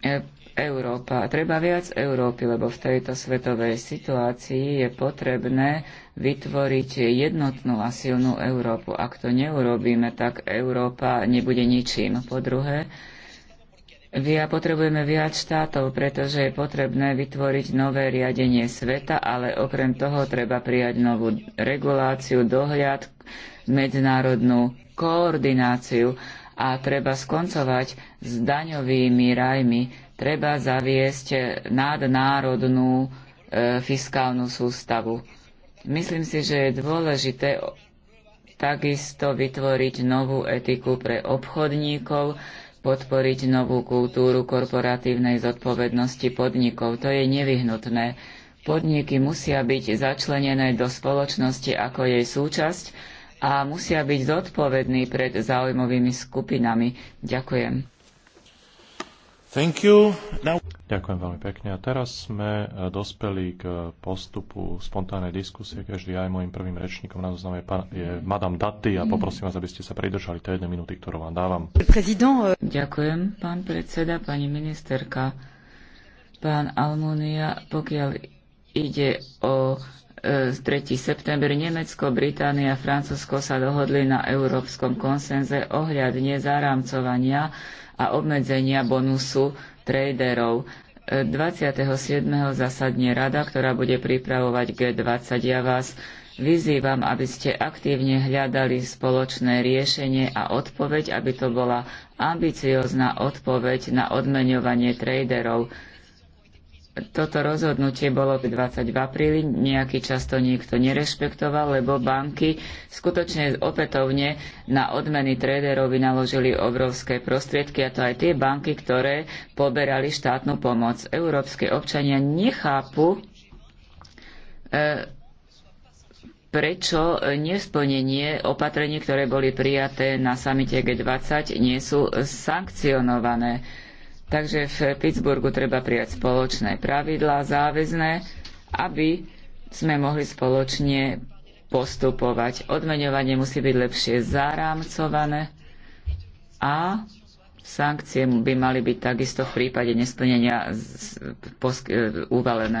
e, Európa. A treba viac Európy, lebo v tejto svetovej situácii je potrebné vytvoriť jednotnú a silnú Európu. Ak to neurobíme, tak Európa nebude ničím. Po druhé, Via potrebujeme viac štátov, pretože je potrebné vytvoriť nové riadenie sveta, ale okrem toho treba prijať novú reguláciu, dohľad, medzinárodnú koordináciu a treba skoncovať s daňovými rajmi, treba zaviesť nadnárodnú e, fiskálnu sústavu. Myslím si, že je dôležité takisto vytvoriť novú etiku pre obchodníkov, podporiť novú kultúru korporatívnej zodpovednosti podnikov. To je nevyhnutné. Podniky musia byť začlenené do spoločnosti ako jej súčasť a musia byť zodpovední pred záujmovými skupinami. Ďakujem. Ďakujem veľmi pekne. A teraz sme e, dospeli k postupu spontánnej diskusie. Každý aj môjim prvým rečníkom na zozname je Madame Dati a poprosím vás, aby ste sa pridržali tej jednej minúty, ktorú vám dávam. E- Ďakujem, pán predseda, pani ministerka. Pán Almunia, pokiaľ ide o 3. september Nemecko, Británia a Francúzsko sa dohodli na európskom konsenze ohľadne zarámcovania a obmedzenia bonusu traderov. 27. zasadne rada, ktorá bude pripravovať G20. Ja vás vyzývam, aby ste aktívne hľadali spoločné riešenie a odpoveď, aby to bola ambiciozná odpoveď na odmeňovanie traderov toto rozhodnutie bolo 20 v apríli, nejaký čas to niekto nerešpektoval, lebo banky skutočne opätovne na odmeny traderov vynaložili obrovské prostriedky a to aj tie banky, ktoré poberali štátnu pomoc. Európske občania nechápu, e, prečo nesplnenie opatrení, ktoré boli prijaté na samite G20, nie sú sankcionované Takže v Pittsburghu treba prijať spoločné pravidlá, záväzné, aby sme mohli spoločne postupovať. Odmeňovanie musí byť lepšie zarámcované a sankcie by mali byť takisto v prípade nesplnenia e, uvalené.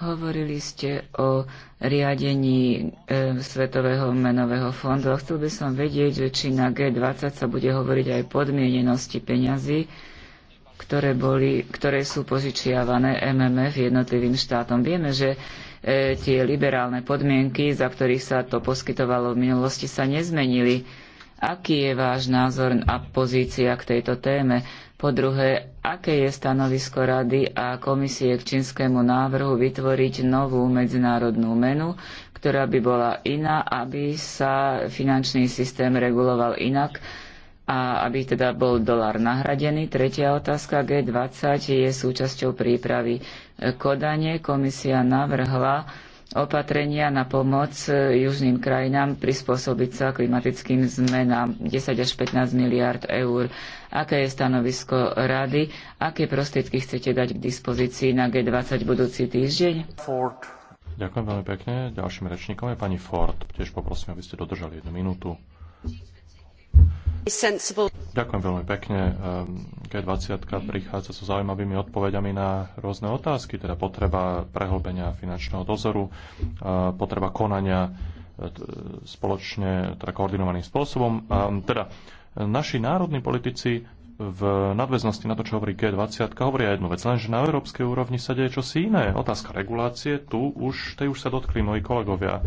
Hovorili ste o riadení e, Svetového menového fondu a chcel by som vedieť, že či na G20 sa bude hovoriť aj o podmienenosti peňazí, ktoré, boli, ktoré sú požičiavané MMF jednotlivým štátom. Vieme, že e, tie liberálne podmienky, za ktorých sa to poskytovalo v minulosti, sa nezmenili. Aký je váš názor a pozícia k tejto téme? Po druhé, aké je stanovisko Rady a komisie k čínskemu návrhu vytvoriť novú medzinárodnú menu, ktorá by bola iná, aby sa finančný systém reguloval inak a aby teda bol dolar nahradený. Tretia otázka G20 je súčasťou prípravy Kodanie. Komisia navrhla opatrenia na pomoc e, južným krajinám prispôsobiť sa klimatickým zmenám 10 až 15 miliard eur. Aké je stanovisko rady? Aké prostriedky chcete dať k dispozícii na G20 budúci týždeň? Ford. Ďakujem veľmi pekne. Ďalším rečníkom je pani Ford. Tiež poprosím, aby ste dodržali jednu minútu. Ďakujem veľmi pekne. Ehm, G20 prichádza so zaujímavými odpovediami na rôzne otázky, teda potreba prehlbenia finančného dozoru, ehm, potreba konania e, spoločne, teda koordinovaným spôsobom. Ehm, teda naši národní politici v nadväznosti na to, čo hovorí G20, hovoria jednu vec, lenže na európskej úrovni sa deje čosi iné. Otázka regulácie, tu už, tej už sa dotkli moji kolegovia.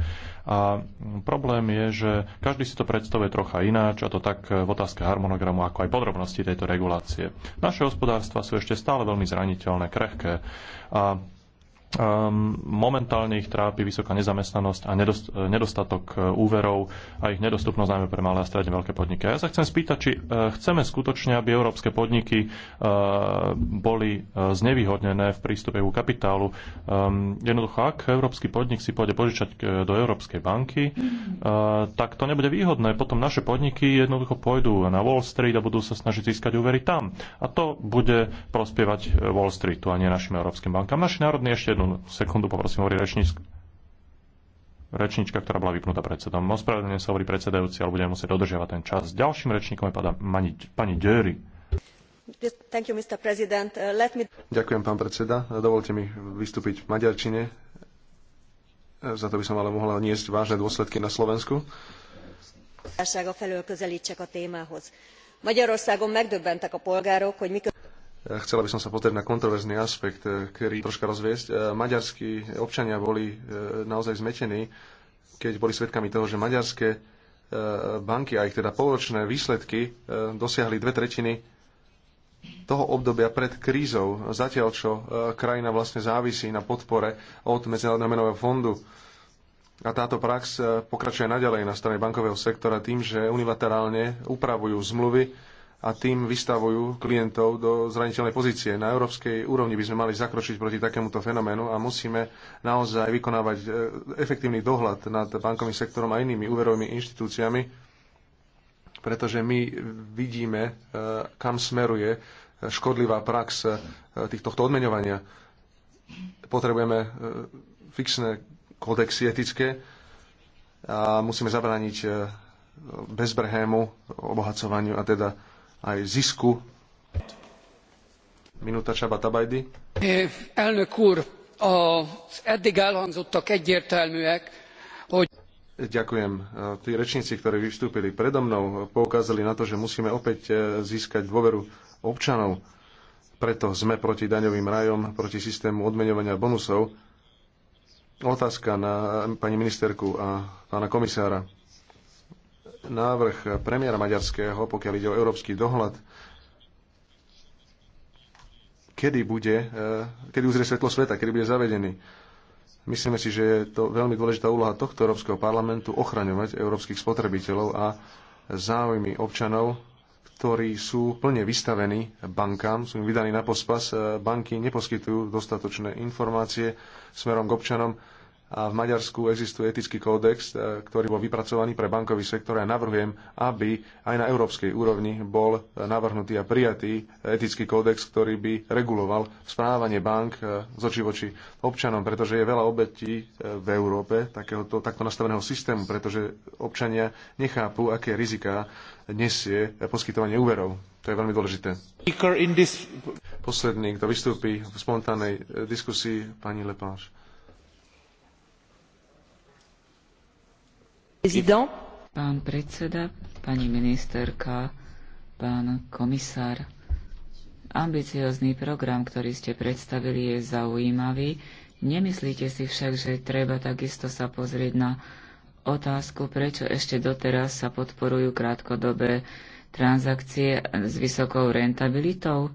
A problém je, že každý si to predstavuje trocha ináč, a to tak v otázke harmonogramu, ako aj podrobnosti tejto regulácie. Naše hospodárstva sú ešte stále veľmi zraniteľné, krehké. A Ehm, momentálne ich trápi vysoká nezamestnanosť a eh, nedostatok eh, úverov a ich nedostupnosť najmä pre malé a stredne veľké podniky. A ja sa chcem spýtať, či eh, chceme skutočne, aby európske podniky boli znevýhodnené v prístupe ku kapitálu. Ehm, jednoducho, ak európsky podnik si pôjde požičať do Európskej banky, tak to nebude výhodné. Potom naše podniky jednoducho pôjdu na Wall Street a budú sa snažiť získať úvery tam. A to bude prospievať Wall Streetu a nie našim európskym bankám. Naši národní ešte jednu Pardon, sekundu poprosím, hovorí rečníčka, rečnička, ktorá bola vypnutá predsedom. Ospravedlňujem sa, hovorí predsedajúci, ale budeme musieť dodržiavať ten čas. Ďalším rečníkom je pani, pani Dery. You, uh, me... Ďakujem, pán predseda. Dovolte mi vystúpiť v maďarčine. Uh, za to by som ale mohla niesť vážne dôsledky na Slovensku. a felől közelítsek a témához. Magyarországon megdöbbentek a polgárok, hogy mikor... Chcela by som sa pozrieť na kontroverzný aspekt, ktorý troška rozviesť. E, maďarskí občania boli e, naozaj zmetení, keď boli svedkami toho, že maďarské e, banky a ich teda poločné výsledky dosiahli dve tretiny toho obdobia pred krízou, zatiaľ čo krajina vlastne závisí na podpore od Medzinárodného menového fondu. A táto prax pokračuje naďalej na strane bankového sektora tým, že unilaterálne upravujú zmluvy, a tým vystavujú klientov do zraniteľnej pozície. Na európskej úrovni by sme mali zakročiť proti takémuto fenoménu a musíme naozaj vykonávať e, efektívny dohľad nad bankovým sektorom a inými úverovými inštitúciami, pretože my vidíme, e, kam smeruje e, škodlivá prax týchto odmeňovania. Potrebujeme fixné kodexy etické a musíme zabrániť bezbrhému obohacovaniu a teda aj zisku. Minúta Čaba Tabajdy. Elnök úr, az eddig elhangzottak egyértelműek, hogy... Ďakujem. Tí rečníci, ktorí vystúpili predo mnou, poukázali na to, že musíme opäť e, získať dôveru občanov. Preto sme proti daňovým rajom, proti systému odmeňovania bonusov. Otázka na pani ministerku a pána komisára návrh premiéra maďarského, pokiaľ ide o európsky dohľad, kedy bude, eh, kedy uzrie svetlo sveta, kedy bude zavedený. Myslíme si, že je to veľmi dôležitá úloha tohto Európskeho parlamentu ochraňovať európskych spotrebiteľov a záujmy občanov, ktorí sú plne vystavení bankám, sú im vydaní na pospas. Eh, banky neposkytujú dostatočné informácie smerom k občanom a v Maďarsku existuje etický kódex, e, ktorý bol vypracovaný pre bankový sektor a navrhujem, aby aj na európskej úrovni bol e, navrhnutý a prijatý etický kódex, ktorý by reguloval správanie bank e, z oči voči občanom, pretože je veľa obetí v Európe takéhoto, takto nastaveného systému, pretože občania nechápu, aké riziká nesie poskytovanie úverov. To je veľmi dôležité. Posledný, kto vystúpi v spontánnej diskusii, pani Lepáš. Pán predseda, pani ministerka, pán komisár, ambiciózny program, ktorý ste predstavili, je zaujímavý. Nemyslíte si však, že treba takisto sa pozrieť na otázku, prečo ešte doteraz sa podporujú krátkodobé transakcie s vysokou rentabilitou?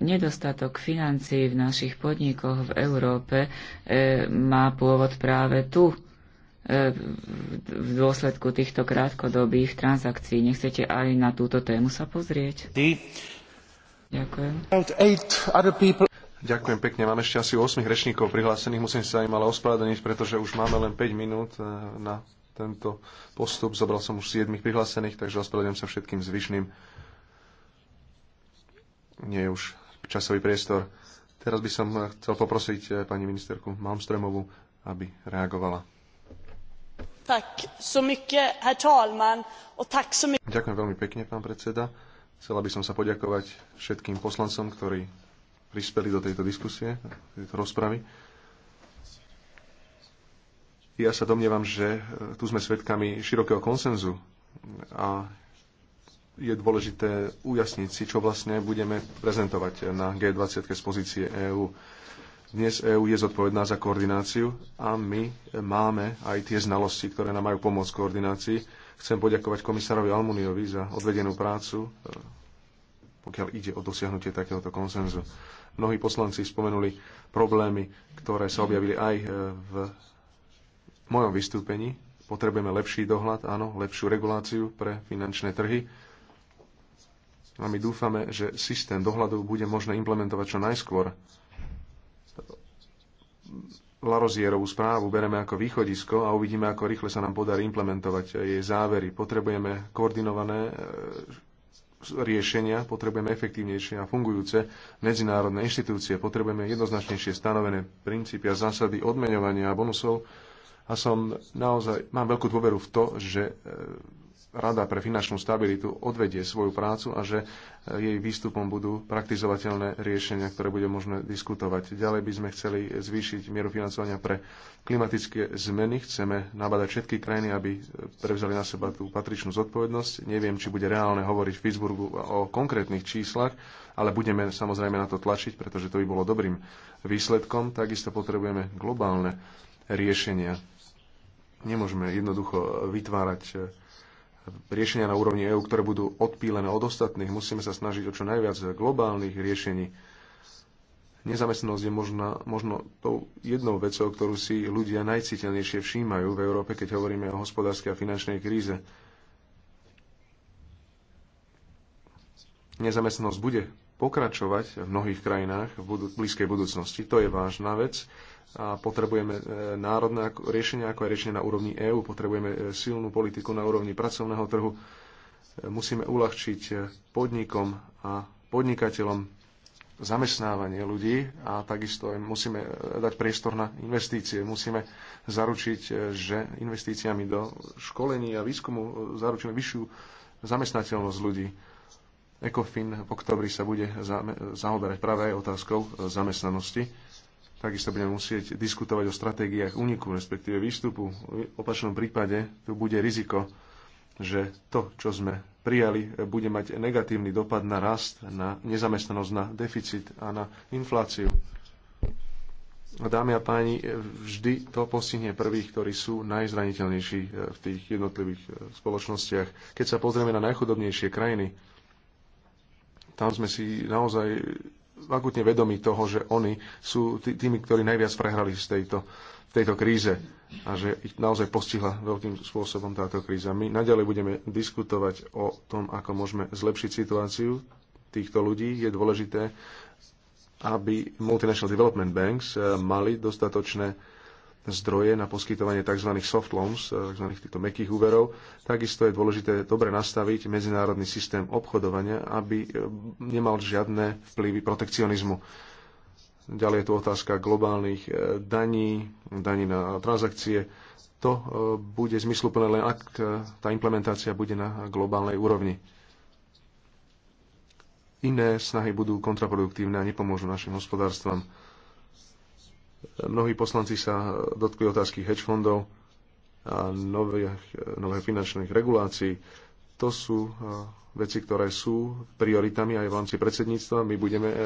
Nedostatok financií v našich podnikoch v Európe e, má pôvod práve tu. E, v dôsledku týchto krátkodobých transakcií. Nechcete aj na túto tému sa pozrieť? Ďakujem. Ďakujem pekne. Mám ešte asi 8 rečníkov prihlásených. Musím sa im ale ospravedlniť, pretože už máme len 5 minút e, na tento postup. Zobral som už 7 prihlásených, takže ospravedlňujem sa všetkým zvyšným. Nie je už časový priestor. Teraz by som e, chcel poprosiť pani ministerku Malmstremovú, aby reagovala. Ďakujem veľmi pekne, pán predseda. Chcela by som sa poďakovať všetkým poslancom, ktorí prispeli do tejto diskusie, tejto rozpravy. Ja sa domnievam, že e, tu sme svedkami širokého konsenzu a je dôležité ujasniť si, čo vlastne budeme prezentovať na G20 z pozície EÚ. Dnes EÚ je zodpovedná za koordináciu a my máme aj tie znalosti, ktoré nám majú pomôcť koordinácii. Chcem poďakovať komisárovi Almuniovi za odvedenú prácu, e, pokiaľ ide o dosiahnutie takéhoto konsenzu. Mnohí poslanci spomenuli problémy, ktoré sa objavili aj e, v mojom vystúpení. Potrebujeme lepší dohľad, áno, lepšiu reguláciu pre finančné trhy. A my dúfame, že systém dohľadu bude možné implementovať čo najskôr Larozierovú správu bereme ako východisko a uvidíme, ako rýchle sa nám podarí implementovať jej závery. Potrebujeme koordinované e, riešenia, potrebujeme efektívnejšie a fungujúce medzinárodné inštitúcie, potrebujeme jednoznačnejšie stanovené princípy a zásady odmeňovania a bonusov a som naozaj, mám veľkú dôveru v to, že e, Rada pre finančnú stabilitu odvedie svoju prácu a že e, jej výstupom budú praktizovateľné riešenia, ktoré bude možné diskutovať. Ďalej by sme chceli zvýšiť mieru financovania pre klimatické zmeny. Chceme nabadať všetky krajiny, aby e, prevzali na seba tú patričnú zodpovednosť. Neviem, či bude reálne hovoriť v Pittsburghu o konkrétnych číslach, ale budeme samozrejme na to tlačiť, pretože to by bolo dobrým výsledkom. Takisto potrebujeme globálne riešenia. Nemôžeme jednoducho vytvárať e, riešenia na úrovni EÚ, ktoré budú odpílené od ostatných. Musíme sa snažiť o čo najviac globálnych riešení. Nezamestnanosť je možno, možno tou jednou vecou, ktorú si ľudia najciteľnejšie všímajú v Európe, keď hovoríme o hospodárskej a finančnej kríze. Nezamestnanosť bude pokračovať v mnohých krajinách v budu- blízkej budúcnosti. To je vážna vec a potrebujeme e, národné riešenia, ako aj riešenie na úrovni EÚ. Potrebujeme e, silnú politiku na úrovni pracovného trhu. E, musíme uľahčiť podnikom a podnikateľom zamestnávanie ľudí a takisto musíme dať priestor na investície. Musíme zaručiť, že investíciami do školení a výskumu zaručíme vyššiu zamestnateľnosť ľudí ECOFIN v oktobri sa bude zaoberať práve aj otázkou e, zamestnanosti. Takisto budeme musieť diskutovať o stratégiách úniku, respektíve výstupu. V opačnom prípade tu bude riziko, že to, čo sme prijali, e, bude mať negatívny dopad na rast, na nezamestnanosť, na deficit a na infláciu. Dámy a páni, e, vždy to postihne prvých, ktorí sú najzraniteľnejší v tých jednotlivých spoločnostiach. Keď sa pozrieme na najchudobnejšie krajiny, tam sme si naozaj akutne vedomi toho, že oni sú tými, ktorí najviac prehrali z tejto, v tejto kríze a že ich naozaj postihla veľkým spôsobom táto kríza. My naďalej budeme diskutovať o tom, ako môžeme zlepšiť situáciu týchto ľudí. Je dôležité, aby Multinational Development Banks eh, mali dostatočné zdroje na poskytovanie tzv. soft loans, eh, tzv. týchto mekých úverov. Takisto je dôležité dobre nastaviť medzinárodný systém obchodovania, aby eh, nemal žiadne vplyvy protekcionizmu. Ďalej je tu otázka globálnych eh, daní, daní na transakcie. To bude zmysluplné len ak tá implementácia bude na globálnej úrovni. Iné snahy budú kontraproduktívne a nepomôžu našim hospodárstvam Mnohí poslanci sa dotkli otázky hedge fondov a nových, nových finančných regulácií. To sú e, veci, ktoré sú prioritami aj v rámci predsedníctva. My budeme e,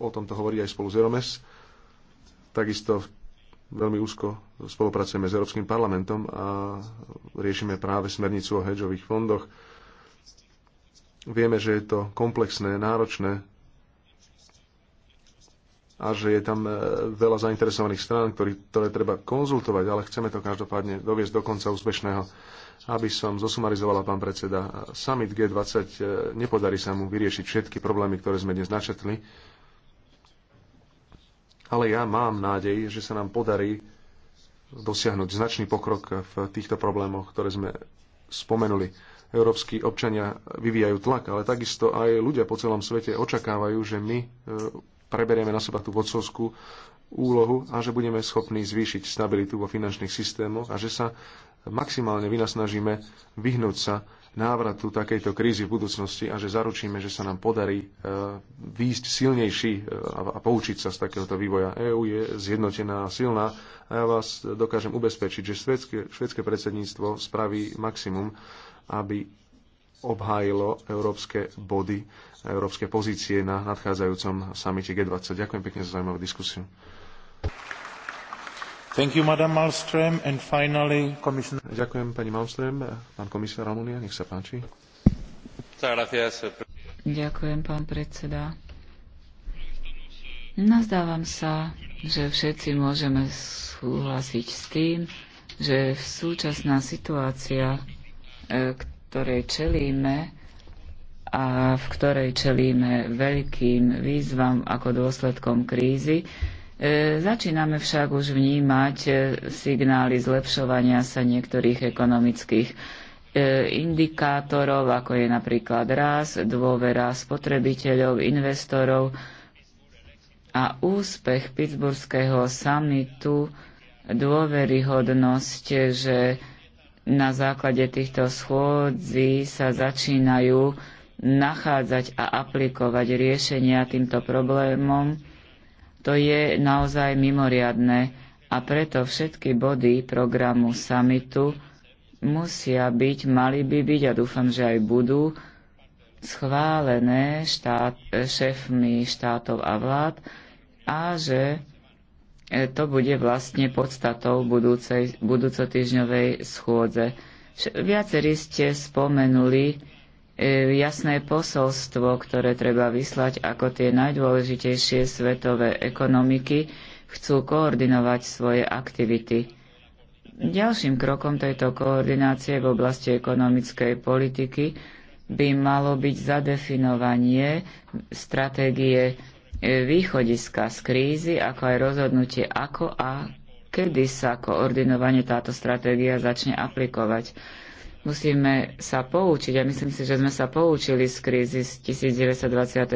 o tomto hovoriť aj spolu s Euromes. Takisto veľmi úzko spolupracujeme s Európskym parlamentom a riešime práve smernicu o hedžových fondoch. Vieme, že je to komplexné, náročné a že je tam e, veľa zainteresovaných strán, ktorý, ktoré treba konzultovať, ale chceme to každopádne doviesť do konca úspešného. Aby som zosumarizovala, pán predseda, summit G20 e, nepodarí sa mu vyriešiť všetky problémy, ktoré sme dnes načetli, ale ja mám nádej, že sa nám podarí dosiahnuť značný pokrok v týchto problémoch, ktoré sme spomenuli európsky občania vyvíjajú tlak, ale takisto aj ľudia po celom svete očakávajú, že my e, preberieme na seba tú vodcovskú úlohu a že budeme schopní zvýšiť stabilitu vo finančných systémoch a že sa maximálne vynasnažíme vyhnúť sa návratu takejto krízy v budúcnosti a že zaručíme, že sa nám podarí e, výjsť silnejší e, a poučiť sa z takéhoto vývoja. EÚ je zjednotená a silná a ja vás dokážem ubezpečiť, že švedské, švedské predsedníctvo spraví maximum, aby obhájilo európske body, európske pozície na nadchádzajúcom samite G20. Ďakujem pekne za zaujímavú diskusiu. Thank you, Madam Malmström. And finally, Commissioner... Ďakujem, pani Malmström. Pán komisár Almunia, nech sa páči. Eh, Ďakujem, pán predseda. Nazdávam sa, že všetci môžeme súhlasiť s tým, že súčasná situácia, e, ktorej čelíme a v ktorej čelíme veľkým výzvam ako dôsledkom krízy, e, Začíname však už vnímať e, signály zlepšovania sa niektorých ekonomických e, indikátorov, ako je napríklad ráz, dôvera spotrebiteľov, investorov a úspech Pittsburghského samitu, dôveryhodnosť, že na základe týchto schôdzí sa začínajú nachádzať a aplikovať riešenia týmto problémom, to je naozaj mimoriadné a preto všetky body programu samitu musia byť, mali by byť a dúfam, že aj budú schválené štát, šéfmi štátov a vlád a že E, to bude vlastne podstatou budúcej, budúcotýžňovej schôdze. Viacerí ste spomenuli e, jasné posolstvo, ktoré treba vyslať, ako tie najdôležitejšie svetové ekonomiky chcú koordinovať svoje aktivity. Ďalším krokom tejto koordinácie v oblasti ekonomickej politiky by malo byť zadefinovanie stratégie východiska z krízy, ako aj rozhodnutie, ako a kedy sa koordinovane táto stratégia začne aplikovať. Musíme sa poučiť a myslím si, že sme sa poučili z krízy z 1929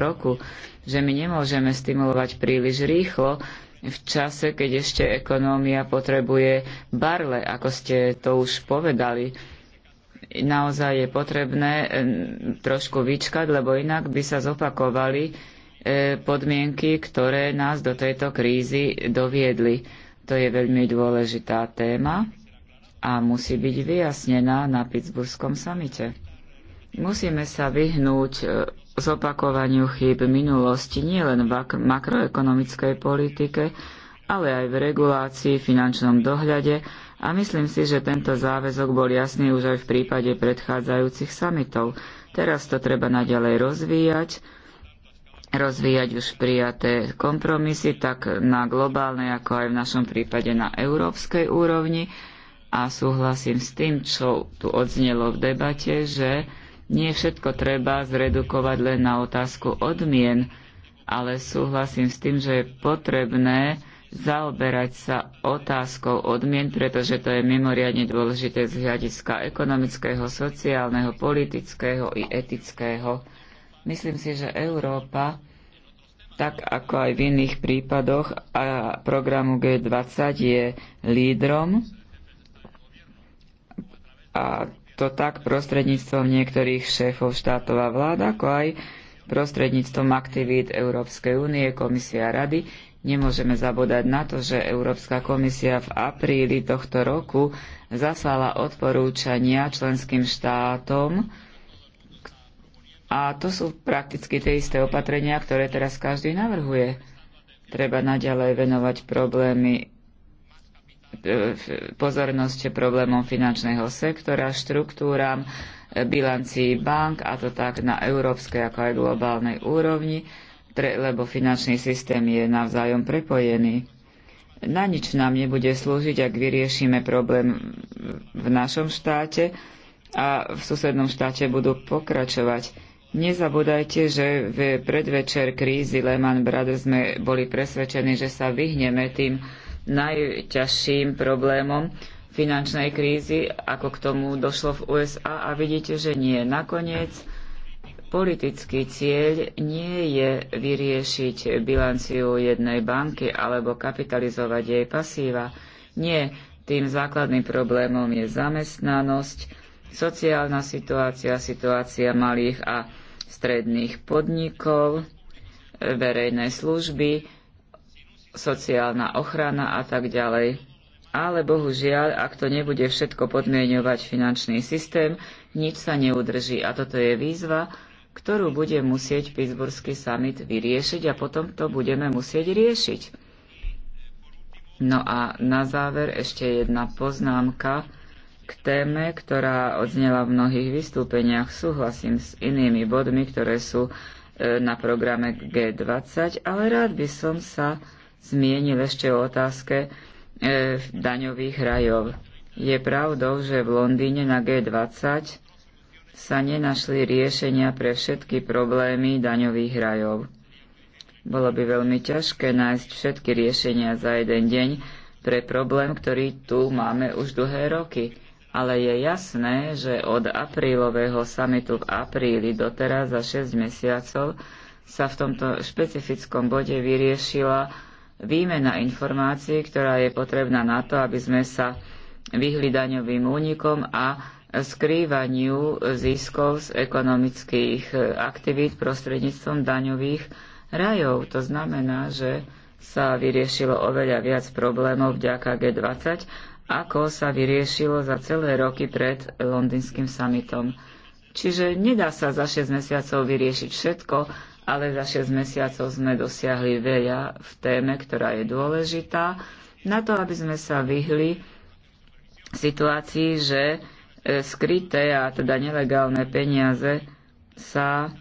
roku, že my nemôžeme stimulovať príliš rýchlo v čase, keď ešte ekonómia potrebuje barle, ako ste to už povedali naozaj je potrebné mm, trošku vyčkať, lebo inak by sa zopakovali E, podmienky, ktoré nás do tejto krízy doviedli. To je veľmi dôležitá téma a musí byť vyjasnená na Pittsburghskom samite. Musíme sa vyhnúť e, zopakovaniu chýb minulosti nielen v makroekonomickej politike, ale aj v regulácii, finančnom dohľade a myslím si, že tento záväzok bol jasný už aj v prípade predchádzajúcich samitov. Teraz to treba naďalej rozvíjať, rozvíjať už prijaté kompromisy, tak na globálnej, ako aj v našom prípade na európskej úrovni. A súhlasím s tým, čo tu odznelo v debate, že nie všetko treba zredukovať len na otázku odmien, ale súhlasím s tým, že je potrebné zaoberať sa otázkou odmien, pretože to je mimoriadne dôležité z hľadiska ekonomického, sociálneho, politického i etického. Myslím si, že Európa, tak ako aj v iných prípadoch a programu G20 je lídrom a to tak prostredníctvom niektorých šéfov štátov a vlád, ako aj prostredníctvom aktivít Európskej únie, komisia a rady. Nemôžeme zabodať na to, že Európska komisia v apríli tohto roku zaslala odporúčania členským štátom, a to sú prakticky tie isté opatrenia, ktoré teraz každý navrhuje. Treba naďalej venovať problémy e, pozornosť problémom finančného sektora, štruktúram, e, bilancii bank, a to tak na európskej ako aj globálnej úrovni, lebo finančný systém je navzájom prepojený. Na nič nám nebude slúžiť, ak vyriešime problém v našom štáte a v susednom štáte budú pokračovať Nezabúdajte, že v predvečer krízy Lehman Brothers sme boli presvedčení, že sa vyhneme tým najťažším problémom finančnej krízy, ako k tomu došlo v USA a vidíte, že nie. Nakoniec politický cieľ nie je vyriešiť bilanciu jednej banky alebo kapitalizovať jej pasíva. Nie, tým základným problémom je zamestnanosť, sociálna situácia, situácia malých a stredných podnikov, verejné služby, sociálna ochrana a tak ďalej. Ale bohužiaľ, ak to nebude všetko podmienovať finančný systém, nič sa neudrží. A toto je výzva, ktorú bude musieť Pittsburghský summit vyriešiť a potom to budeme musieť riešiť. No a na záver ešte jedna poznámka k téme, ktorá odznela v mnohých vystúpeniach, súhlasím s inými bodmi, ktoré sú e, na programe G20, ale rád by som sa zmienil ešte o otázke e, daňových rajov. Je pravdou, že v Londýne na G20 sa nenašli riešenia pre všetky problémy daňových rajov. Bolo by veľmi ťažké nájsť všetky riešenia za jeden deň pre problém, ktorý tu máme už dlhé roky ale je jasné, že od aprílového samitu v apríli doteraz za 6 mesiacov sa v tomto špecifickom bode vyriešila výmena informácií, ktorá je potrebná na to, aby sme sa vyhli daňovým únikom a skrývaniu ziskov z ekonomických aktivít prostredníctvom daňových rajov. To znamená, že sa vyriešilo oveľa viac problémov vďaka G20 ako sa vyriešilo za celé roky pred londýnskym summitom. Čiže nedá sa za 6 mesiacov vyriešiť všetko, ale za 6 mesiacov sme dosiahli veľa v téme, ktorá je dôležitá, na to, aby sme sa vyhli situácii, že e, skryté a teda nelegálne peniaze sa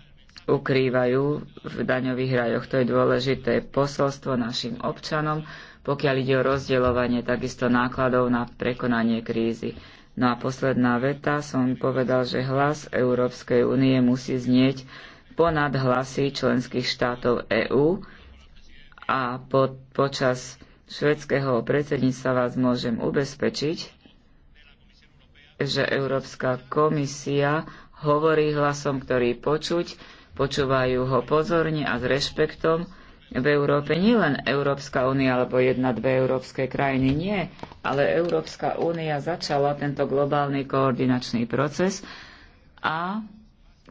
ukrývajú v daňových rajoch. To je dôležité posolstvo našim občanom, pokiaľ ide o rozdielovanie takisto nákladov na prekonanie krízy. No a posledná veta, som povedal, že hlas Európskej únie musí znieť ponad hlasy členských štátov EÚ a po, počas švedského predsedníctva vás môžem ubezpečiť, že Európska komisia hovorí hlasom, ktorý počuť, počúvajú ho pozorne a s rešpektom, v Európe nie len Európska únia alebo jedna, dve európske krajiny, nie, ale Európska únia začala tento globálny koordinačný proces a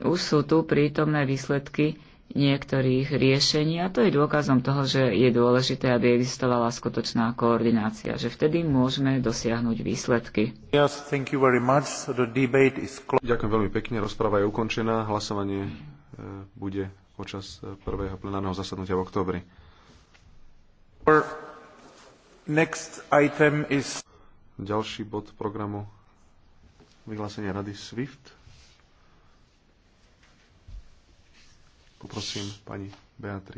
už sú tu prítomné výsledky niektorých riešení a to je dôkazom toho, že je dôležité, aby existovala skutočná koordinácia, že vtedy môžeme dosiahnuť výsledky. Yes, thank you very much. So the debate is Ďakujem veľmi pekne, rozpráva je ukončená, hlasovanie e, bude počas eh, prvého plenárneho zasadnutia v októbri. Is... Ďalší bod programu vyhlásenia Rady SWIFT. Poprosím pani Beatrice.